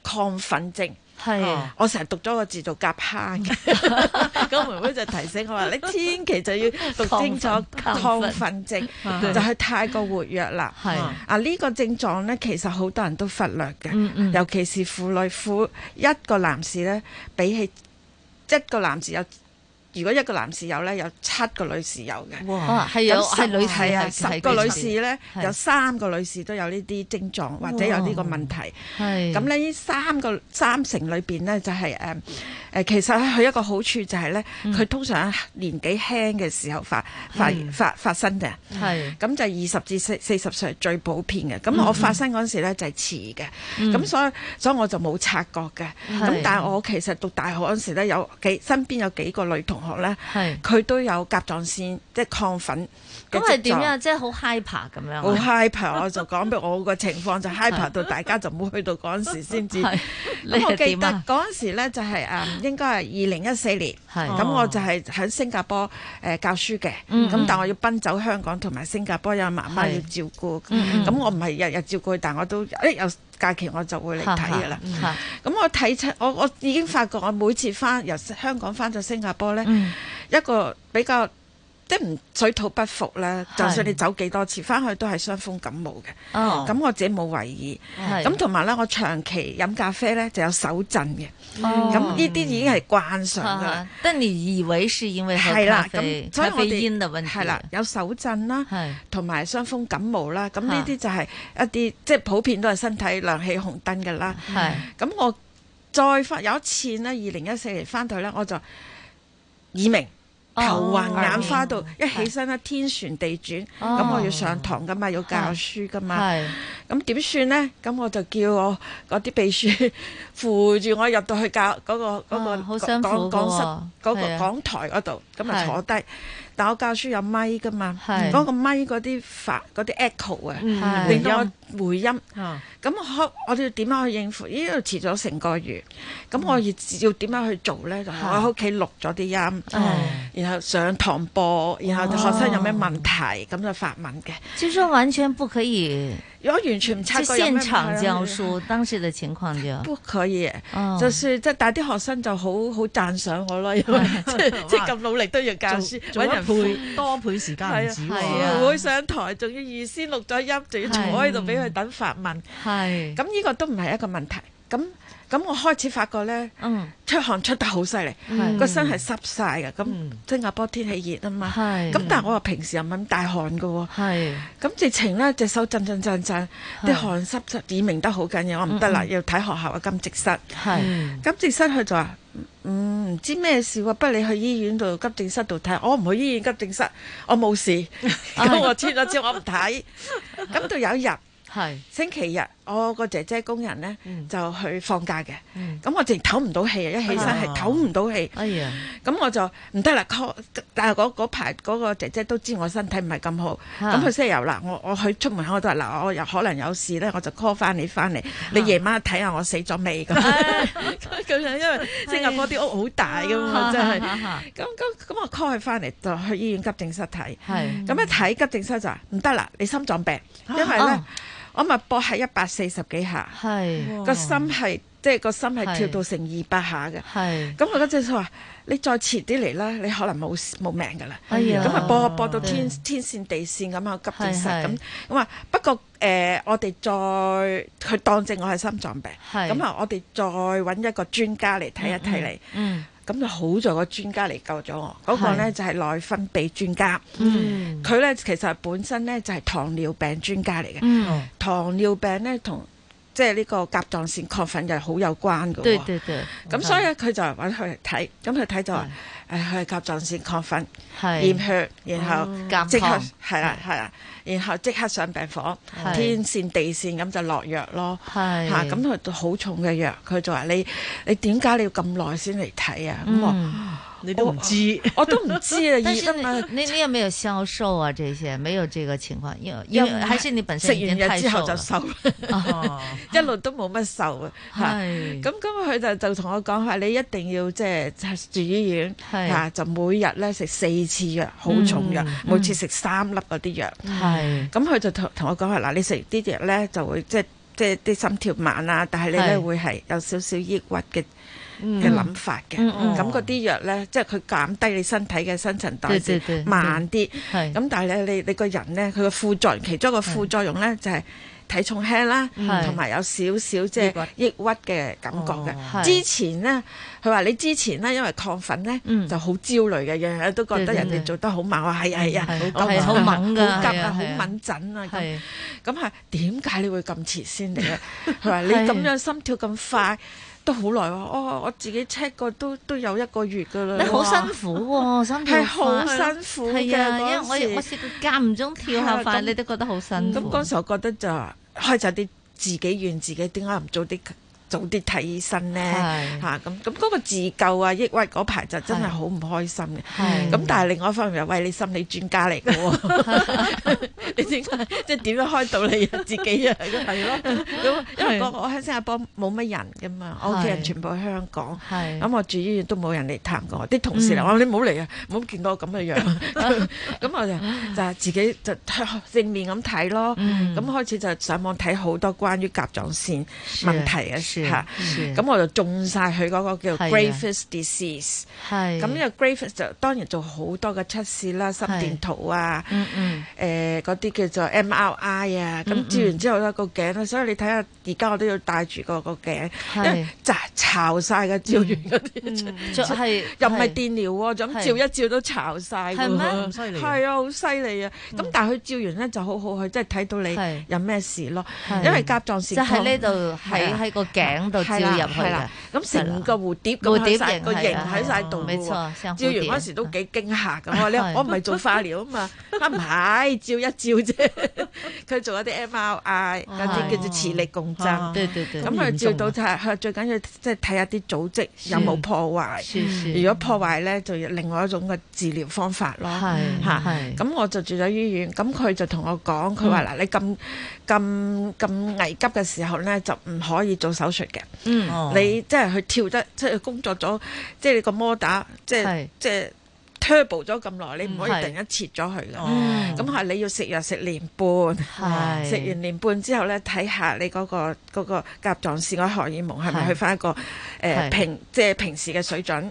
亢奮症。係、啊啊，我成日讀咗個字做甲亢嘅，個 <laughs> <laughs> 妹妹就提醒我話：你千祈就要讀清楚亢奮症， <laughs> 就係太過活躍啦。係啊，呢、啊呢個症狀咧，其實好多人都忽略嘅、啊，尤其是婦女婦，婦一個男士咧，比起一個男士有。如果一個男士有咧，有七個女士有嘅。哇！係、嗯、有係女係啊，十個女士咧有三個女士都有呢啲症狀或者有呢個問題，係，咁咧，呢三個三成裏邊咧就係誒誒其實咧佢一個好處就係、是、咧，佢、嗯、通常喺年紀輕嘅時候發發、嗯、發發生嘅。係，咁就二十至四四十歲最普遍嘅。咁、嗯、我發生嗰陣時時咧就係遲嘅，咁、嗯、所以所以我就冇察覺嘅。咁但係我其實讀大學嗰陣時時咧有幾身邊有幾個女同。學咧，佢都有甲狀腺即係亢奮。咁係點呀？即係好 hyper 咁樣。好、就係 hyper，啊、hyper，我就講俾我個情況 <laughs> 就 hyper 到，大家就唔好去到嗰陣時先知。咁、 <laughs> 啊、我記得嗰陣時咧就係、係、誒、啊，應該係二零一四年。係。咁、哦、我就係喺新加坡誒、呃、教書嘅。嗯，嗯。咁但我要奔走香港同埋新加坡，有媽媽要照顧。嗯咁、嗯、我唔係日日照顧佢，但我都誒有假期我就會嚟睇㗎啦。係。 <laughs> <laughs> 咁我睇出我我已經發覺我每次翻由香港翻到新加坡咧、嗯，一個比較。即係唔水土不服咧，就算你走幾多次，翻去都係傷風感冒嘅。哦，咁我自己冇懷疑。係，咁同埋咧，我長期飲咖啡咧，就有手震嘅。哦、嗯，咁呢啲已經係慣常㗎啦、嗯。但你以為是因為係啦，咁所以我哋係啦，有手震啦，同埋傷風感冒啦。咁呢啲就係一啲即係普遍都係身體亮起紅燈㗎啦。係，咁、嗯、我再發有一次呢，二零一四年翻去咧，我就耳鳴。頭暈眼花到，oh, 一起身啦，uh, 天旋地轉，咁、uh, 我要上堂㗎嘛，uh, 要教書㗎嘛。Uh, <laughs> 咁點算咧？咁我就叫我嗰啲秘書扶住我入到去教嗰、嗰個嗰、嗰個講、啊、室嗰、嗰個講、啊、台嗰度，咁啊坐低。但我教書有咪噶嘛，嗰、那個咪嗰啲發嗰啲 echo 啊，令我回音。咁我哋要點樣去應付？呢度遲咗成個月，咁我要要點樣去做咧？就喺屋企錄咗啲音、嗯，然後上堂播，然後學生有咩問題咁、哦、就發問嘅。其實完全不可以。如果完全唔差，覺咩嘅？即係現場教書，當時嘅情況就不可以，oh. 就算是即係但啲學生就好好讚賞我咯，因為即係咁努力都要教書，揾 <laughs> 人配 <laughs> 多倍時間唔止、啊、上台仲要預先錄咗音，仲要坐喺度俾佢等發問。係，咁呢個都唔係一個問題。咁。咁我開始發覺咧、嗯，出汗出得好犀利，個身係濕晒嘅。咁、嗯、新加坡天氣熱啊嘛，咁但係我話平時又唔係咁大汗嘅喎。咁直情咧隻手震震震震，震，啲汗濕濕，耳鳴得好緊要，我唔得啦，要睇學校啊，急症室。急症室佢就話：唔知咩事喎，不如、啊、你去醫院度急症室度睇。我唔去醫院急症室，我冇事， <laughs> 我黐咗黐我唔不睇看。咁 <laughs> 到有一日，係星期日。我個姐姐工人咧、嗯、就去放假嘅，咁、嗯嗯、我直唞唔到氣啊！一起身係唞唔到氣，咁、啊哎、我就唔得啦。call，但係嗰排嗰個姐姐都知道我身體唔係咁好，咁佢先有啦。我我去出門口我就嗱，我又可能有事咧，我就 call 翻你翻嚟、啊，你夜晚睇下我死咗未咁。咁、啊、就、 <laughs> 啊、 <laughs> 因為新加坡啲屋好大嘅嘛，真係。咁咁咁我 call 佢翻嚟就去醫院急症室睇，咁、嗯嗯、一睇急症室就話唔得啦，你心臟病，啊、因為咧。啊我咪搏係一百四十幾下，個心係即係個心係跳到成二百下嘅。咁我個正室話：你再遲啲嚟啦，你可能冇冇命噶啦。咁咪搏搏到天天線地線咁樣急症室。咁咁話不過誒、呃，我哋再佢當正我係心臟病。咁啊，我哋再揾一個專家嚟睇一睇你。嗯嗯咁就好在個專家嚟救咗我，嗰、那個咧就係、是、內分泌專家，佢咧、嗯、其實本身咧就係、是、糖尿病專家嚟嘅、嗯，糖尿病咧同即係呢個甲狀腺亢奮又係好有關嘅、哦，咁所以咧佢就揾佢嚟睇，咁佢睇就話。去甲狀腺亢奮，驗血，然後即刻然後即刻上病房，天線地線咁就落藥咯。嚇，咁佢好重嘅藥，佢就話你你點解你，你要咁耐先嚟睇啊？咁、嗯你都唔知、哦，我都唔知啊！ <laughs> 但是你你有冇有消瘦啊？這些沒有這個情況，因為因還是你本身已經太瘦。食完藥之後就瘦、哦啊，一路都冇乜瘦啊。係咁咁，佢就就同我講話，你一定要即係住醫院，係、呃、就每日咧食四次藥，好重藥、嗯嗯，每次食三粒嗰啲藥。係、哎、咁，佢就同同我講話嗱，你食啲藥咧就會即係即係啲心跳慢啊，但係你咧會係有少少抑鬱嘅。嘅、mm-hmm. 諗法嘅，咁嗰啲藥咧，即係佢減低你身體嘅新陳代謝，對對對，慢啲，咁但係咧，你你個人咧，佢個副作用其中一個副作用咧就係、是、體重輕啦，同埋有少少即係抑鬱嘅感覺嘅、哦。之前咧，佢話你之前咧，因為亢奮咧就好焦慮嘅，樣樣都覺得人哋做得慢、哎哎、好猛，話係啊係啊，好猛嘅，好急啊，好敏感啊，咁係點解你會咁遲先嚟咧？佢話、啊、 <laughs> <laughs> <laughs> <laughs> 你咁樣心跳咁快。都好耐喎，我自己 check 過都都有一個月㗎喇。你好辛苦喎、啊， <laughs> 係辛苦係好辛苦嘅，因為我我間唔中跳下翻、啊，你都覺得好辛苦。咁、嗯、嗰時候我覺得就開就啲自己怨自己，點解唔做啲早啲睇醫生咧，嚇、咁咁嗰個自救，啊抑鬱嗰排就真係好唔開心嘅咁，但係另外一方面又喂，你心理專家嚟㗎喎， <laughs> <laughs> <laughs> 你知道 <laughs> 即係點樣開導你、啊、自己啊？係 <laughs> 咯因為我喺新加坡冇乜人㗎嘛，我屋企人全部喺香港，咁、嗯、我住醫院都冇人嚟探我，啲同事嚟話、嗯、你唔好嚟啊，唔好見到我咁嘅樣，樣。咁、嗯、 <laughs> 我就就自己就正面咁睇咯，咁、嗯嗯、開始就上網睇好多關於甲狀腺問題嘅書。嚇、嗯，咁、嗯、我就中晒佢嗰個叫做 Graves disease。係，咁呢個 Graves 就當然做好多嘅測試啦，心電圖啊，誒嗰啲叫做 MRI 啊。咁、嗯、照完之後咧，個頸咧、嗯，所以你睇下，而家我都要戴住個個頸，因為巢晒嘅照完嗰啲，就、嗯、又唔係電療喎，就咁照一照都巢晒。係咩？咁犀利？係、哦、啊，好犀利啊！咁但係佢照完咧就好好，去，即係睇到你有咩事咯，因為甲狀腺就喺呢度，喺喺個頸。影到照入去嘅，咁成個蝴蝶咁，蝴蝶形個形喺晒度嘅喎。照、哦、完嗰時都幾驚吓咁啊！你啊，我唔係做化療啊嘛，啱，唔係照一照啫。佢、啊啊啊啊、做一啲 MRI，嗰啲、啊、叫做磁力共振。咁佢照到就係、是啊、最緊要即係睇下啲組織有冇破壞。如果破壞咧，就要另外一種嘅治療方法咯。吓。咁我就住咗醫院，咁佢就同我講，佢話嗱，你咁。咁咁危急嘅時候咧，就唔可以做手術嘅。嗯，你、哦、即係去跳得即係工作咗，即係你個摩打，即係即係 turbo 咗咁耐，你唔可以突然間切咗佢。咁係、哦嗯、你要食藥食年半，食完年半之後咧，睇下你嗰、嗰個嗰個甲狀腺嗰荷爾蒙係咪去翻一個誒、呃、平即係平時嘅水準。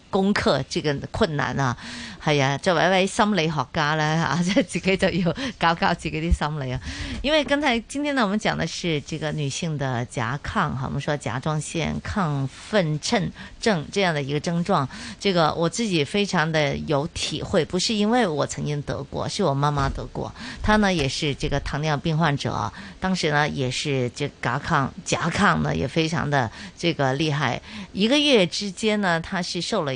攻克這個困難啊，哎呀歪歪三好嘎啊，作為一位心理學家咧啊，即係自己就要搞搞自己啲心理啊。因為剛才今天呢，我們講的是這個女性的甲亢，哈，我們說甲狀腺亢奮症症這樣的一個症狀。這個我自己非常的有體會，不是因為我曾經得過，是我媽媽得過，她呢也是這個糖尿病患者，當時呢也是這甲亢，甲亢呢也非常的這個厲害，一個月之間呢，她是瘦了。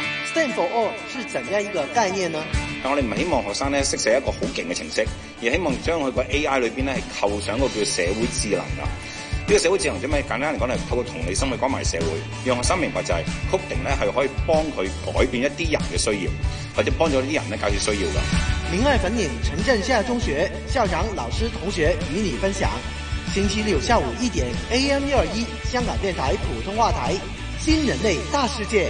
政府二是怎樣一個概念呢？但我哋唔希望學生咧識寫一個好勁嘅程式，而希望將佢個 A I 裏邊咧係扣上一個叫社會智能噶。呢個社會智能點解？簡單嚟講，係透過同理心去關懷社會，讓學生明白就係 coding 咧係可以幫佢改變一啲人嘅需要，或者幫咗呢啲人咧解決需要噶。明愛粉嶺陳震夏中學校長、老師、同學與你分享，星期六下午一點，AM 一二一香港電台普通話台，新人類大世界。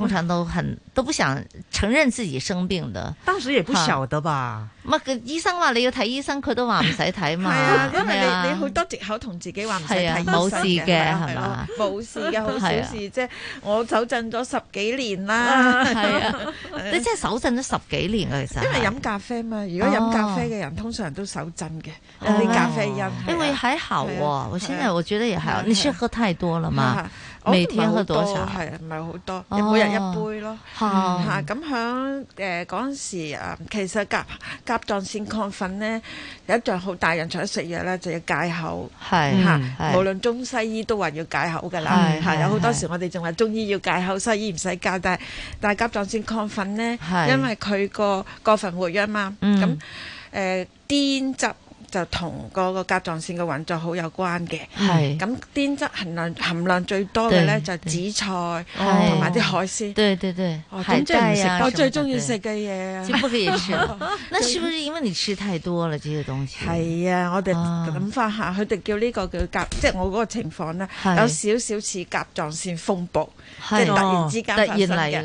通常都很都不想承認自己生病的，當時也不曉得吧。乜、啊、個醫生話你要睇醫生，佢都話唔使睇嘛。係 <laughs> 啊，因為你、啊、你好多借口同自己話唔使睇冇事嘅，係 <laughs> 嘛、啊？冇、啊、事嘅，好小事啫、 <laughs> 啊。我手震咗十幾年啦、 <laughs> 啊，你真係手震咗十幾年啊！其 <laughs> 實因為飲咖啡嘛，如果飲咖啡嘅人、哦、通常都手震嘅，咖啡因。啊啊、因為喺口喎，我現在我覺得也還好。是啊、你是喝太多了嘛。未飲好多，係唔係好多？哦、每日一杯咯嚇。咁響誒嗰陣時啊，其實甲甲狀腺亢奮咧，有一樣好大人想食藥咧就要戒口嚇。無論中西醫都話要戒口㗎啦嚇。有好多時我哋仲話中醫要戒口，西醫唔使戒，但係但係甲狀腺亢奮咧，因為佢個過分活躍吖嘛，咁、嗯、誒、呃、癲疾。就同個甲狀腺嘅運作好有關嘅，咁碘、嗯、質含量含量最多嘅咧就是、紫菜同埋啲海鮮，對對對，海帶啊，我最中意食嘅嘢，是不可以食。 <laughs> 那是不是因為你吃太多了呢些、這個、東西？係啊，我哋諗翻下，佢哋叫呢個叫甲，即係我嗰個情況咧，有少少似甲狀腺風暴。即係、哦就係、突然之間發生嘅，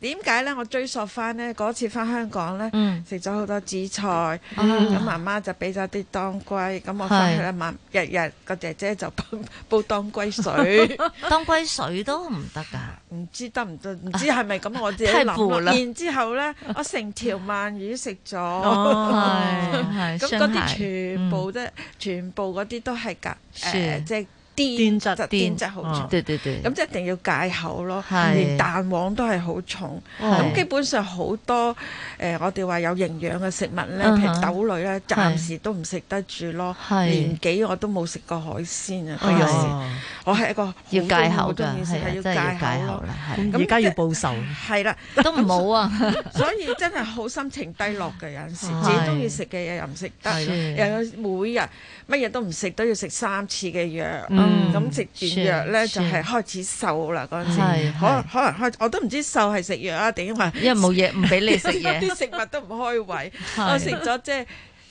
點解咧？我追溯翻咧，嗰次翻香港咧，食咗好多紫菜，咁、嗯、媽媽就俾咗啲當歸，咁我翻去咧晚日日個姐姐就煲煲當歸水， <laughs> 當歸水都唔得㗎，唔知得唔得？唔知係咪咁？我自己諗。然之後咧，我成條鰻魚食咗，咁嗰啲全部都全部嗰啲都係㗎，誒即係。電解質，電解好重，對對對，咁即一定要戒口咯，連蛋黃都係好重，咁基本上好多誒、呃，我哋話有營養嘅食物咧，uh-huh, 譬如豆類咧，暫、uh-huh, 時都唔食得住咯，年紀我都冇食過海鮮啊，我有陣時我係一個要戒口噶，係真係戒口啦，咁而家要報仇，係啦，都唔好啊， <laughs> <laughs> 所以真係好心情低落嘅，有陣時，自己中意食嘅嘢又唔食得，又每日。乜嘢都唔食都要食三次嘅藥，咁食完藥呢？就係、是、開始瘦啦嗰陣時，可可能開我都唔知瘦係食藥啊定為因為冇嘢唔俾你食嘢，啲 <laughs> 食物都唔開胃， <laughs> 我食咗即係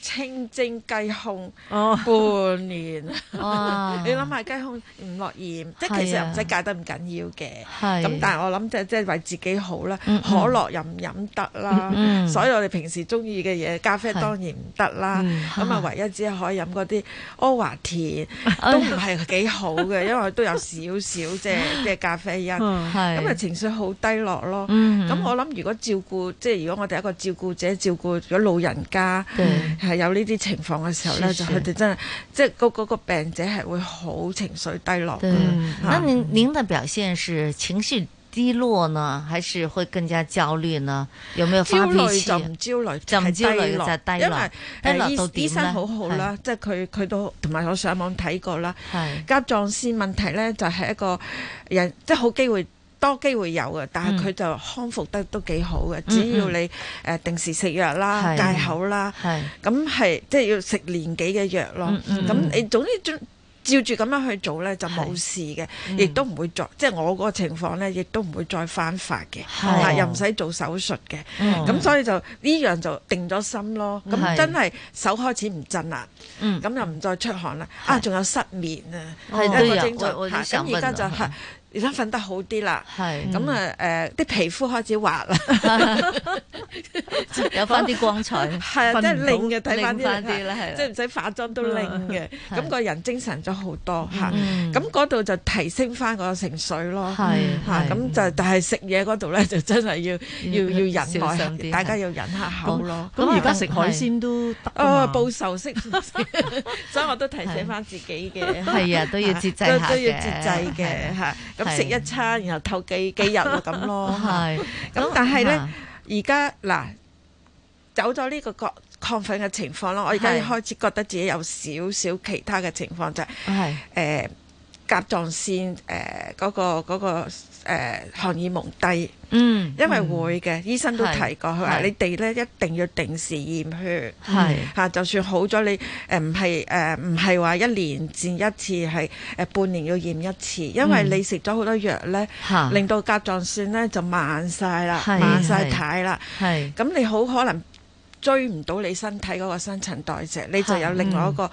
清蒸雞胸半年，哦、 <laughs> 你諗下雞胸唔落鹽，啊、即係其實又唔使戒得唔緊要嘅。咁但係我諗即係即係為自己好啦、嗯，可樂又唔飲得啦、嗯。所以我哋平時中意嘅嘢，咖啡當然唔得啦。咁、嗯、啊，唯一只可以飲嗰啲阿華田、嗯、都唔係幾好嘅、嗯，因為都有少少即係嘅咖啡因。咁、嗯、啊，情緒好低落咯。咁、嗯、我諗如果照顧，嗯、即係如果我哋一個照顧者照顧咗老人家，嗯有呢啲情況嘅時候咧，就佢哋真係即係嗰嗰個病者係會好情緒低落。嗯，那您您嘅表現是情緒低落呢，還是會更加焦慮呢？有沒有發脾氣？焦慮就唔焦慮，係焦慮就低，低就低落。因為醫生好好啦，即係佢佢都同埋我上網睇過啦。係甲狀腺問題咧，就係一個人即係、就是、好機會。多機會有嘅，但係佢就康復得都幾好嘅、嗯。只要你誒、呃、定時食藥啦、戒口啦，咁係即係要食年幾嘅藥咯。咁、嗯嗯、你總之照住咁樣去做咧，就冇事嘅，亦都唔會再、嗯、即係我個情況咧，亦都唔會再翻發嘅、啊，又唔使做手術嘅。咁、嗯、所以就呢樣就定咗心咯。咁真係手開始唔震啦，咁又唔再出汗啦。啊，仲有失眠啊，有、嗯、個症狀。咁而家就係。而家瞓得好啲啦，係咁啊，誒、嗯、啲、呃、皮膚開始滑啦，嗯、 <laughs> 有翻啲光彩，係 <laughs> 啊，即係靚嘅，睇翻啲咧，係即係唔使化妝都靚嘅，咁、嗯嗯咁個人精神咗好多嚇，咁嗰度就提升翻個情緒咯，係、嗯、啊，咁就、嗯嗯嗯、但係食嘢嗰度咧就真係要要要、嗯、要忍耐，大家要忍下口咯。咁而家食海鮮都啊、哦哦、報仇式， <laughs> <laughs> 所以我都提醒翻自己嘅，係啊，都要節制嘅，都要節制嘅，係。食一餐，然後透幾幾日咁咯。係 <laughs> <laughs> 是呢。咁但係咧，而家嗱走咗呢個亢亢奮嘅情況咯，我而家開始覺得自己有少少其他嘅情況就係、是、誒、 <laughs> 呃、甲狀腺誒嗰、呃那個嗰、那個誒、呃、荷爾蒙低。嗯，因為會嘅、嗯，醫生都提過，佢話你哋咧一定要定時驗血，係嚇、啊，就算好咗，你誒唔係誒唔係話一年驗一次，係誒、呃、半年要驗一次，嗯、因為你食咗好多藥咧，令到甲狀腺咧就慢晒啦，慢晒態啦，係咁你好可能追唔到你身體嗰個新陳代謝，你就有另外一個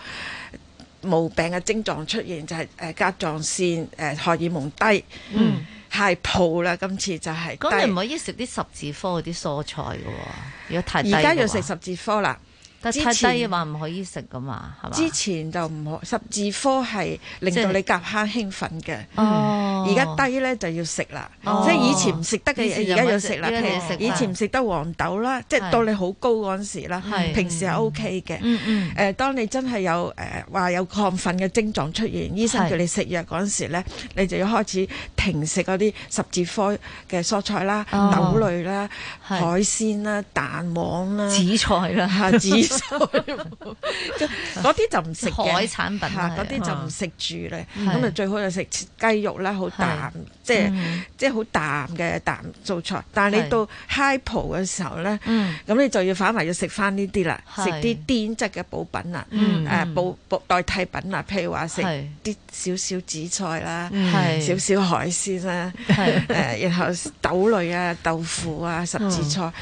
毛病嘅症狀出現，嗯、就係、是、誒甲狀腺誒、呃、荷爾蒙低，嗯。嗯。太暴啦，今次就係咁，你唔可以食啲十字科嗰啲蔬菜噶，喎，如果太而家要食十字科啦。但太低吖嘛，唔可以食噶嘛，係嘛？之前就唔好十字科係令到你甲下興奮嘅、嗯嗯。哦。而家低咧就要食啦，即係以前唔食得嘅嘢，而家要食啦。譬如以前唔食得黃豆啦，是即係到你好高嗰陣時啦。平時係 O K 嘅。嗯嗯、呃。當你真係有誒話、呃、有亢奮嘅症狀出現，醫生叫你食藥嗰陣時咧，你就要開始停食嗰啲十字科嘅蔬菜啦、嗯、豆類啦、海鮮啦、蛋黃啦、紫菜啦，紫菜啦。 <laughs> 嗰 <laughs> 啲 <laughs> 就唔食海產品嗰啲就唔食住咧。咁、嗯、啊、嗯，最好就食雞肉啦，好淡，即係即係好淡嘅淡做菜。但係你到 hypo 嘅時候咧，咁、嗯、你就要反為要食翻呢啲啦，食啲碘質嘅補品啦，誒、嗯呃、補，補代替品啦，譬如話食啲少少紫菜啦、嗯，少少海鮮啦，誒、嗯、 <laughs> 然後豆類啊、豆腐啊、十字菜。嗯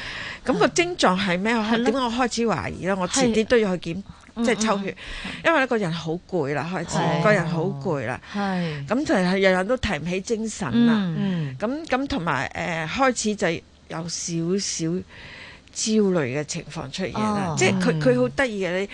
咁、嗯，那個症狀係咩？點解我開始懷疑啦！我遲啲都要去檢，即、就、係、是、抽血，嗯嗯、因為咧個人好攰啦，開始個人好攰啦，咁、哦、就係日日都提唔起精神啦。咁咁同埋誒開始就有少少焦慮嘅情況出現啦、哦。即係佢佢好得意嘅，你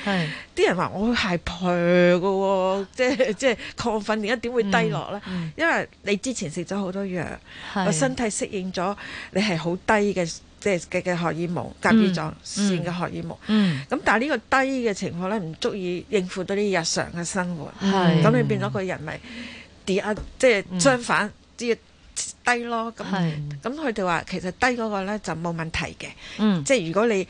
啲人話我係皮㗎喎，即係即係亢奮而家點會低落咧、嗯嗯？因為你之前食咗好多藥，個身體適應咗，你係好低嘅。即係嘅嘅荷爾蒙，甲狀腺嘅荷爾蒙，咁、嗯嗯嗯、但係呢個低嘅情況咧，唔足以應付到啲日常嘅生活，咁你變咗個人咪跌啊！即係相反啲。嗯低咯，咁咁佢哋話其實低嗰個咧就冇問題嘅、嗯，即如果你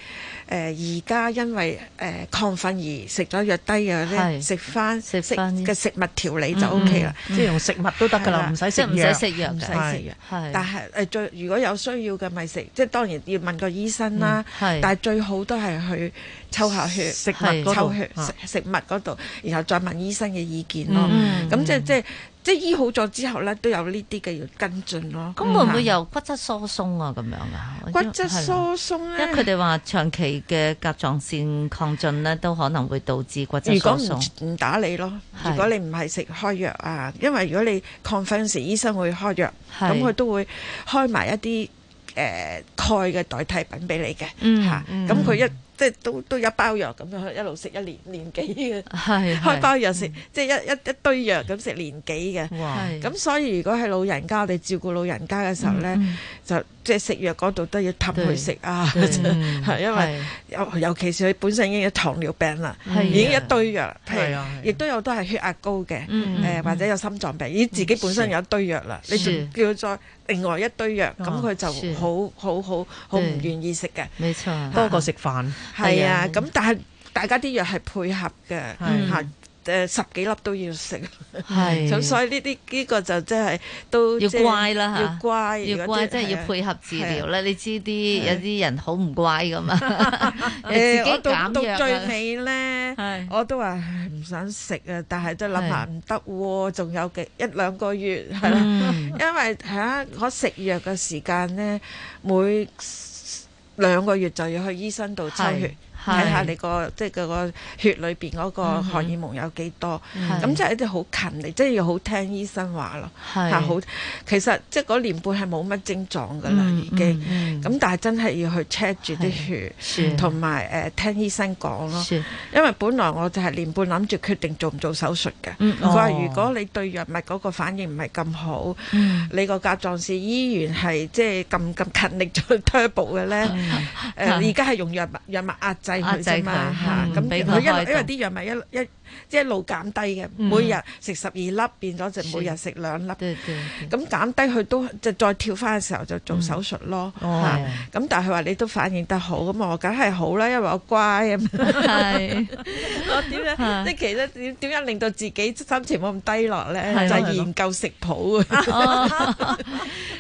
而家、呃、因為、呃、抗亢奮而食咗藥低嘅，食翻食翻嘅食物調理就 O K 啦，即、嗯、係、嗯、用食物都得㗎啦，唔使、啊、食藥。唔使食、食藥，唔使食藥但係、呃、最如果有需要嘅咪食，即係當然要問個醫生啦。嗯、但最好都係去抽下血，食物抽血，食、啊、食物嗰度，然後再問醫生嘅意見咯。咁、嗯嗯、即係、嗯、即係。即係醫好咗之後咧，都有呢啲嘅要跟進咯。咁、嗯、會唔會又骨質疏鬆啊？咁樣啊？骨質疏鬆咧，因為佢哋話長期嘅甲狀腺亢進咧，都可能會導致骨質疏鬆。如果唔打理咯，如果你唔係食開藥啊，因為如果你亢奮時，醫生會開藥，咁佢都會開埋一啲誒鈣嘅代替品俾你嘅。嗯，吓、嗯，咁、啊、佢一。即係都都一包藥咁樣一路食一年年幾嘅，開包藥食，嗯、即係一一一堆藥咁食年幾嘅。咁所以如果係老人家，我哋照顧老人家嘅時候咧、嗯，就即係食藥嗰度都要氹佢食啊。因為尤尤其是佢本身已經有糖尿病啦，啊、已經一堆藥，係啊，亦都有都係血壓高嘅，誒、嗯呃、或者有心臟病，已自己本身有一堆藥啦，你仲叫再。另外一堆藥，咁、哦、佢就好好好好唔願意食嘅、啊，多過食飯。係啊，咁、哎、但係大家啲藥係配合嘅，配誒十幾粒都要食，係， <laughs> 所以呢啲呢個就真、就、係、係、都、就是、要乖啦嚇，要乖，啊、要乖，真、就、係、係啊、要配合治療咧、啊。你知啲有啲人好唔乖㗎嘛？誒、啊， <laughs> 我到到最尾咧、啊，我都話唔想食啊，但係都諗下唔得喎，仲有幾一兩個月係啦、啊嗯，因為嚇、啊、我食藥嘅時間咧，每兩個月就要去醫生度抽血。睇下你個即係個血裏邊個荷爾蒙有幾多，咁即係一啲好勤力，即係要好聽醫生話咯。吓，好其實即係年半係冇乜症狀噶啦，已經，咁、嗯嗯、但係真係要去 check 住啲血，同埋誒聽醫生講咯。因為本來我就係年半諗住決定做唔做手術嘅。佢、嗯、話、哦、如果你對藥物嗰個反應唔係咁好，嗯、你個甲狀腺依然係即係咁咁勤力做 t u b a l 嘅咧，誒而家係用藥物藥物壓制。阿仔嘛，嚇、啊，咁佢一到。因為啲藥物一一。一一即係一路減低嘅，每日食十二粒，嗯、變咗就每日食兩粒。咁減低佢都就再跳翻嘅時候就做手術咯。咁、嗯哦，但係佢話你都反應得好，咁我梗係好啦，因為我乖咁。係我點樣？即係其實點點樣令到自己心情冇咁低落咧？就係研究食譜啊、哦哈哈。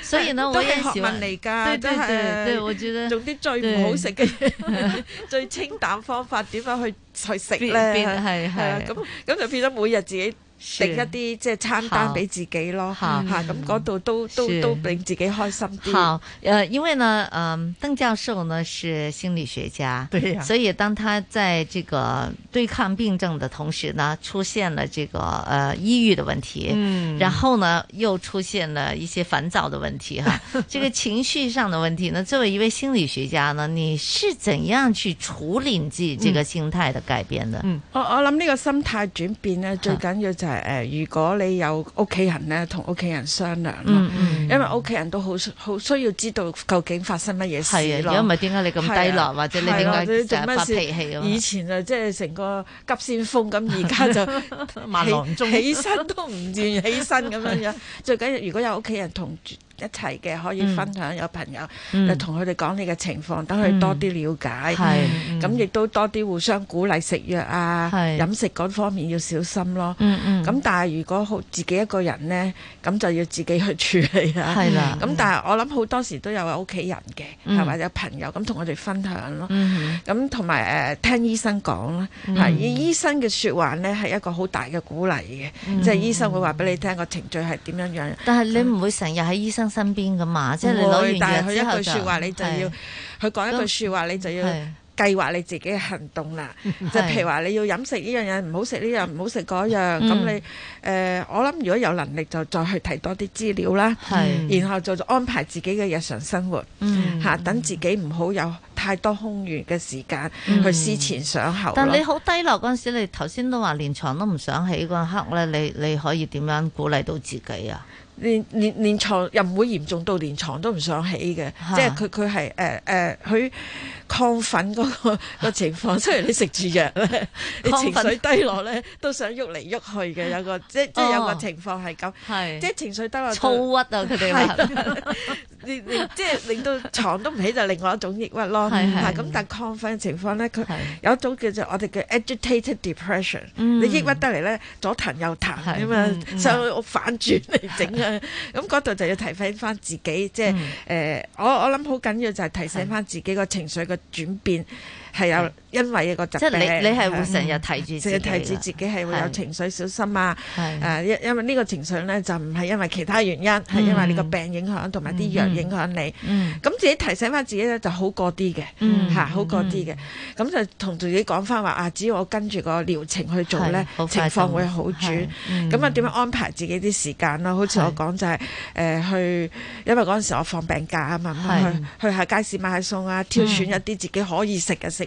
所以我都係學問嚟㗎，都係做啲最唔好食嘅、最清淡方法，點 <laughs> 樣去去食咧？係係。咁咁就變咗每日自己。訂一啲即係餐單俾自己咯，吓咁嗰度都都都令自己開心啲。好誒、呃，因為呢，嗯、呃，鄧教授呢是心理學家，對、啊，所以當他在這個對抗病症的同時呢，出現了這個呃抑鬱的問題，嗯，然後呢又出現了一些煩躁的問題，哈、嗯啊，這個情緒上的問題呢，呢 <laughs> 作為一位心理學家呢，你是怎樣去處理自己這個心態的改變的、嗯？嗯，我我諗呢個心態轉變呢最緊要就、嗯。如果你有屋企人咧，同屋企人商量咯、嗯嗯，因為屋企人都好需好需要知道究竟發生乜嘢事。如果唔係點解你咁低落，或者你點解即係發脾氣咁？以前啊，即係成個急先鋒咁，而家就 <laughs> 慢郎中，起身都唔願意起身咁樣樣。最緊要如果有屋企人同一齊嘅可以分享、嗯、有朋友，就同佢哋講你嘅情況，等佢多啲了解，咁亦都多啲互相鼓勵食藥啊，飲食嗰方面要小心咯。咁、嗯嗯、但係如果好自己一個人咧，咁就要自己去處理啦。咁但係我諗好多時都有屋企人嘅，係、嗯、嘛有朋友咁同我哋分享咯。咁同埋誒聽醫生講啦、嗯啊，以醫生嘅説話咧係一個好大嘅鼓勵嘅，即、嗯、係、就是、醫生會話俾你聽、嗯、個程序係點樣樣。但係你唔會成日喺醫生，身邊噶，嘛，即係、就是、你攞完藥之後，佢一句說話，你就要佢講一句說話，你就要計劃你自己嘅行動啦。就是、譬如話你要飲食，呢樣嘢，唔好食呢樣，唔好食嗰樣，咁、這個那個、你誒、嗯呃，我諗如果有能力就再去睇多啲資料啦，然後就安排自己嘅日常生活吓，等、嗯啊、自己唔好有太多空餘嘅時間去思前想後、嗯。但你好低落嗰陣時，你頭先都話連牀都唔想起嗰刻咧，你你可以點樣鼓勵到自己啊？連連連牀又唔會嚴重到連床都唔想起嘅、啊，即係佢佢係誒誒佢亢奮嗰個情況，雖、啊、然你食住藥咧、啊，你情緒低落咧、啊、都想喐嚟喐去嘅，有個即、啊、即有個情況係咁、啊，即係情緒低落躁鬱啊，佢哋話。 <laughs> 是的 <laughs> <laughs> 即係令到床都唔起，就另外一種抑鬱咯。係咁，但亢奮情況咧，佢有一種叫做我哋嘅 agitated depression、嗯。你抑鬱得嚟咧，左騰右騰啊嘛，所以我反轉嚟整啊。咁嗰度就要提醒翻自己，即係誒，我我諗好緊要就係提醒翻自己個情緒嘅轉變。係有因為一個疾病，即係你你係會成日提住，成日提住自己係、嗯、會有情緒，小心啊！誒、呃，因因為呢個情緒咧就唔係因為其他原因，係、嗯、因為你個病影響同埋啲藥影響你。嗯。咁、嗯、自己提醒翻自己咧就好過啲嘅，嚇、嗯、好過啲嘅。咁、嗯嗯、就同自己講翻話啊，只要我跟住個療程去做咧，情況會好轉。咁啊，點、嗯、樣安排自己啲時間咯？好似我講就係誒去，因為嗰陣時我放病假啊嘛，去去下街市買下餸啊，挑選一啲自己可以吃的食嘅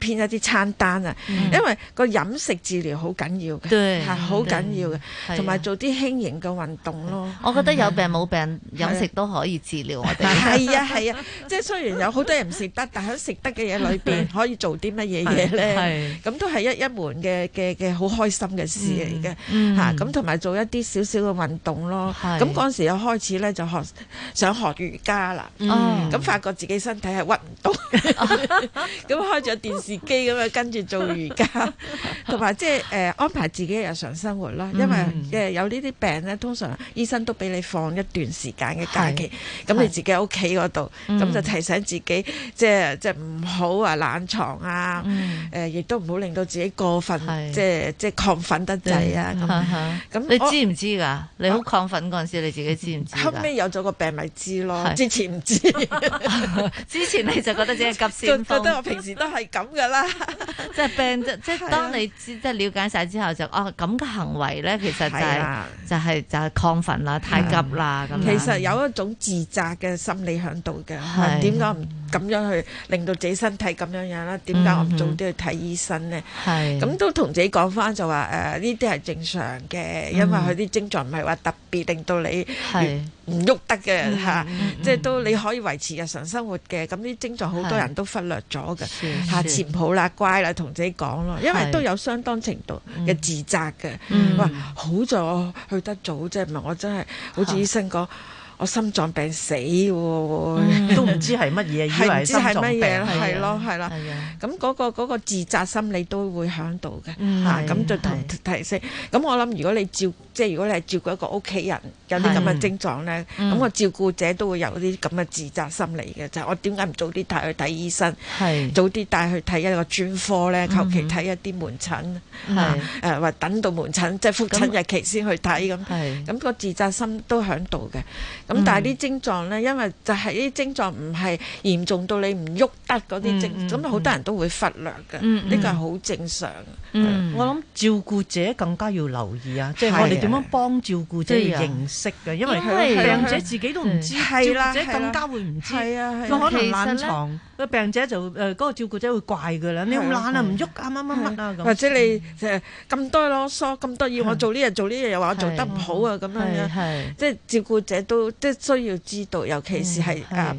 編一啲餐單啊，嗯、因為個飲食治療好緊要嘅，係好緊要嘅，同埋做啲輕型嘅運動咯。我覺得有病冇病、嗯、飲食都可以治療我哋。係啊係啊，即係雖然有好多人唔食得， <laughs> 但喺食得嘅嘢裏邊可以做啲乜嘢嘢咧？咁都係一一門嘅嘅嘅好開心嘅事嚟嘅嚇。咁同埋做一啲少少嘅運動咯。咁嗰陣時又開始咧就學想學瑜伽啦。咁、嗯、發覺自己身體係屈唔到，咁、啊、 <laughs> <laughs> 開咗電視。自己咁樣，跟住做瑜伽，同埋即係誒安排自己嘅日常生活囉。因為即係有呢啲病咧，通常醫生都俾你放一段時間嘅假期。咁你自己喺屋企嗰度，咁就提醒自己，即係即係唔好啊冷牀啊，誒、就、亦、是就是嗯呃、都唔好令到自己過分，即係即係亢奮得滯啊。咁、嗯、你知唔知噶？你好亢奮嗰陣時，你自己知唔知？後尾有咗個病咪知咯，之前唔知。 <laughs> 之前你就覺得自己急先鋒 <laughs> 覺得我平時都係咁啦，即係病，即、就、係、是、當你即係了解晒之後就哦咁嘅行為咧，其實就係、是啊、就係就係亢奮啦、啊，太急啦咁、啊。其實有一種自責嘅心理響度嘅，點咁樣去令到自己身體咁樣樣啦，點解我唔早啲去睇醫生呢？咁、mm-hmm. 都同自己講翻就話誒，呢啲係正常嘅，mm-hmm. 因為佢啲症狀唔係話特別令到你唔喐得嘅嚇，mm-hmm. 啊 mm-hmm. 即係都你可以維持日常生活嘅。咁啲症狀好多人都忽略咗嘅。下次唔好啦，乖啦，同自己講咯，mm-hmm. 因為都有相當程度嘅自責嘅。話、mm-hmm. 好在我去得早啫，唔係我真係、mm-hmm. 好似醫生講。我心臟病死喎，mm-hmm. 都唔知係乜嘢，以為心臟病乜嘢？係咯，係啦、啊。咁嗰、啊啊啊啊啊嗰個嗰、嗰個自責心理都會喺度嘅，嚇咁、啊啊啊、就同提示。咁、啊啊啊嗯啊、我諗如果你照，啊、即係如果你係照顧一個屋企人。有啲咁嘅症狀咧，咁、嗯個照顧者都會有啲咁嘅自責心理嘅啫。就係、我點解唔早啲帶去睇醫生，早啲帶去睇一個專科咧？求其睇一啲門診，誒或、啊呃、等到門診即係複診日期先去睇咁。咁、嗯個自責心都響度嘅。咁、嗯、但係啲症狀咧，因為就係啲症狀唔係嚴重到你唔喐得嗰啲症，咁、嗯、好、嗯、多人都會忽略嘅。呢個係好正常、嗯嗯嗯。我諗照顧者更加要留意啊！即、就、係、是、我哋點樣幫照顧者認識嘅，因為病者自己都唔知、嗯，照顧者更加會唔知。佢可能懶床，個病者就誒，嗰個照顧者會怪噶啦。你好懶啊，唔喐啊，乜乜乜啊。或者你誒咁多囉嗦，咁多要我做呢樣做呢樣，又話我做得唔好啊，咁樣樣。即係、就是、照顧者都即係需要知道，尤其是係誒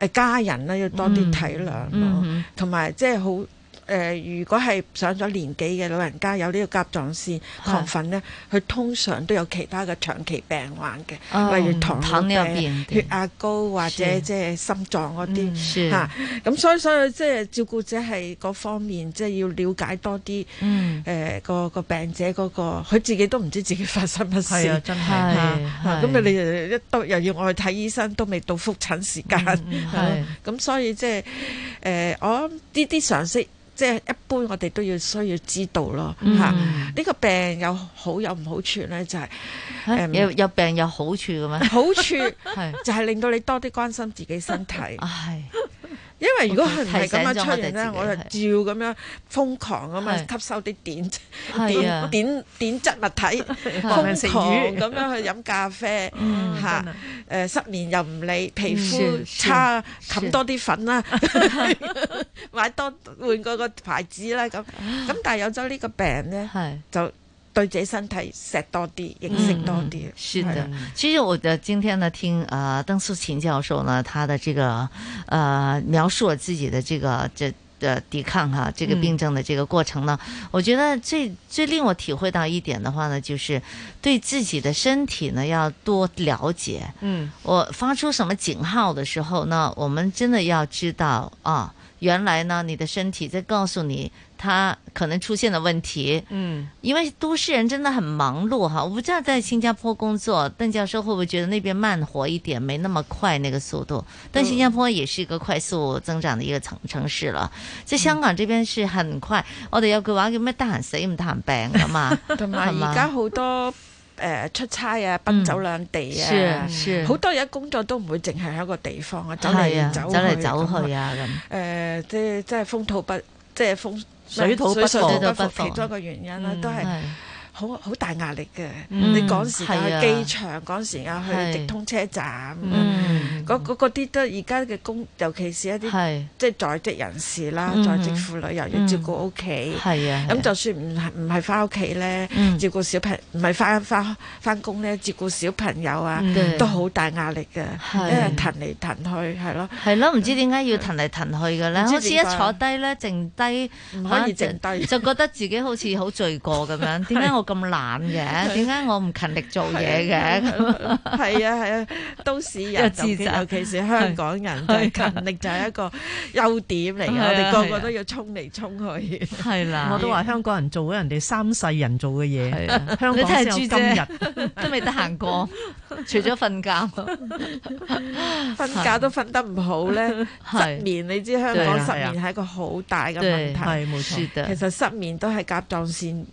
誒家人咧，要多啲體諒咯，同埋即係好。嗯嗯誒、呃，如果係上咗年紀嘅老人家有呢個甲狀腺亢奮咧，佢通常都有其他嘅長期病患嘅、哦，例如糖尿病，病、血壓高或者即係心臟嗰啲嚇。咁、嗯啊嗯、所以所以即係照顧者係嗰方面，即、就、係、是、要了解多啲誒、嗯呃、個個病者嗰、那、佢、個、自己都唔知自己發生乜事嚇。咁你你一都又要我去睇醫生，都未到覆診時間。咁、啊啊啊啊啊嗯嗯啊嗯，所以即係誒，我諗啲啲常識。即係一般，我哋都要需要知道咯嚇。呢個病有好有唔好處咧，就係誒有有病有好處嘅咩？好處就係令到你多啲關心自己身體。 <laughs> 是 <laughs> 因為如果佢唔係咁樣出嚟咧、Okay，我就照咁樣瘋狂咁嘛，吸收啲碘碘碘碘質物體， <laughs> 瘋狂咁樣去飲咖啡嚇，誒、 <laughs> 嗯呃、失眠又唔理，皮膚差冚、嗯、多啲粉啦， <laughs> 買多換個個牌子啦咁，咁但係有咗呢個病咧就。 <laughs> 對自己身體識多啲，認識多啲。是的，嗯、其實我嘅今天呢，聽、呃、啊鄧素琴教授呢，他的這個，呃，描述我自己的這個這的抵抗哈、啊，這個病症的這個過程呢，嗯、我覺得最最令我體會到一點的話呢，就是對自己的身體呢要多了解。嗯，我發出什麼警號的時候呢，呢我們真的要知道，啊，原來呢你的身體在告訴你。他可能出現的問題，嗯，因為都市人真的很忙碌哈。我不知道在新加坡工作，鄧教授會不會覺得那邊慢活一點，沒那麼快那個速度？但新加坡也是一個快速增長的一個城城市了，在、嗯、香港這邊是很快。嗯、我哋有句話，叫咩得閒死唔得閒病啊嘛，同埋而家好多誒、呃、出差啊，奔走兩地啊，好、嗯、多人工作都唔會淨係喺一個地方啊，啊走嚟走嚟走，走去啊咁。誒、呃，即即風土不，即風。水土不服，其中一個原因啦，嗯，都係。嗯好好大壓力嘅、嗯，你趕時間去、啊、機場，趕時間、啊、去直通車站，嗰啲、啊啊嗯、都而家嘅工，尤其是一啲即係在職人士啦、嗯，在職婦女又要照顧屋企，咁、嗯啊、就算唔係唔係翻屋企咧，照顧小朋友，唔係翻翻翻工咧，照顧小朋友啊，都好大壓力嘅，因為騰嚟騰去，係咯、啊，係咯、啊，唔、啊、知點解要騰嚟騰去嘅咧？好似一坐低咧，剩低唔可以剩低、啊，就覺得自己好似好罪過咁樣，點 <laughs> 解我？咁懶嘅，點解我唔勤力做嘢嘅？係啊，係啊，都市人尤其，尤其是香港人就勤力就係、係、一個優點嚟嘅。我哋個個都要沖嚟沖去，係啦。我都話香港人做咗人哋三世人做嘅嘢，香港又今日都未得閒過， <laughs> 除咗瞓睡覺，瞓 <laughs> 覺都瞓得唔好咧。失眠，你知香港失眠係一個好大嘅問題，冇錯。其實失眠都係甲狀腺。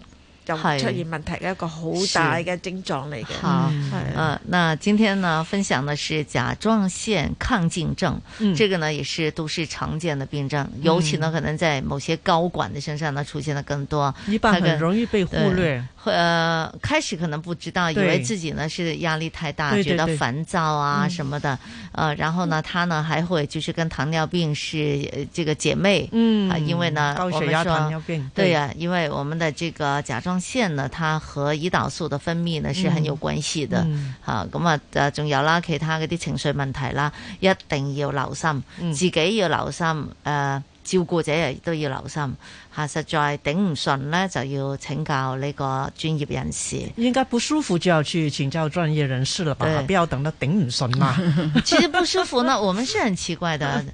就出現問題嘅一個好大嘅症狀嚟嘅。好、嗯呃，那今天呢分享嘅是甲狀腺亢進症，這、嗯、這個呢也是都市常見嘅病症，嗯，尤其呢可能在某些高管嘅身上呢出現得更多，一般很容易被忽略。呃，開始可能不知道，以為自己呢是壓力太大，覺得煩躁啊，對對對什麼的，嗯，呃，然後呢，嗯、他呢還會就是跟糖尿病是這個姐妹，嗯，啊、呃，因為呢，我們說，對呀、啊，因為我們的這個甲狀腺呢，它和胰島素的分泌呢、嗯、是很有關係的，嗯、好那麼啊，咁啊，呃仲有啦，其他嗰啲情緒問題啦，一定要留心，自己要留心，呃。照顧者亦都要留心，嚇、啊！實在頂唔順咧，就要請教呢個專業人士。應該不舒服就要去請教專業人士了吧，不要等到頂唔順啦。 <laughs> 其實不舒服呢， <laughs> 我們是很奇怪的。 <laughs>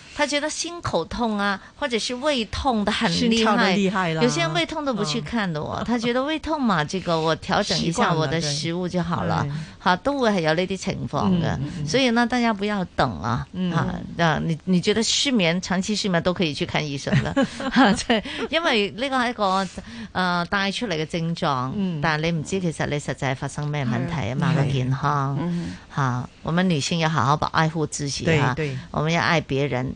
他覺得心口痛啊，或者是胃痛得很厲害，厲害，有些人胃痛都不去看的哦，他覺得胃痛嘛，哦、 <laughs> 這個我調整一下我的食物就好了。了好，都會還有呢啲情況嘅、嗯嗯，所以呢、嗯，大家不要等啊。嗯、啊，你你覺得失眠、長期失眠都可以去看醫生嘅、 <laughs> 啊，因為呢、這個係一個誒帶出嚟嘅症狀，嗯、但你唔知其實你實在係發生咩問題啊，咁嘅健康。好、嗯嗯嗯，我們女性要好好保愛護自己啊，我們要愛別人。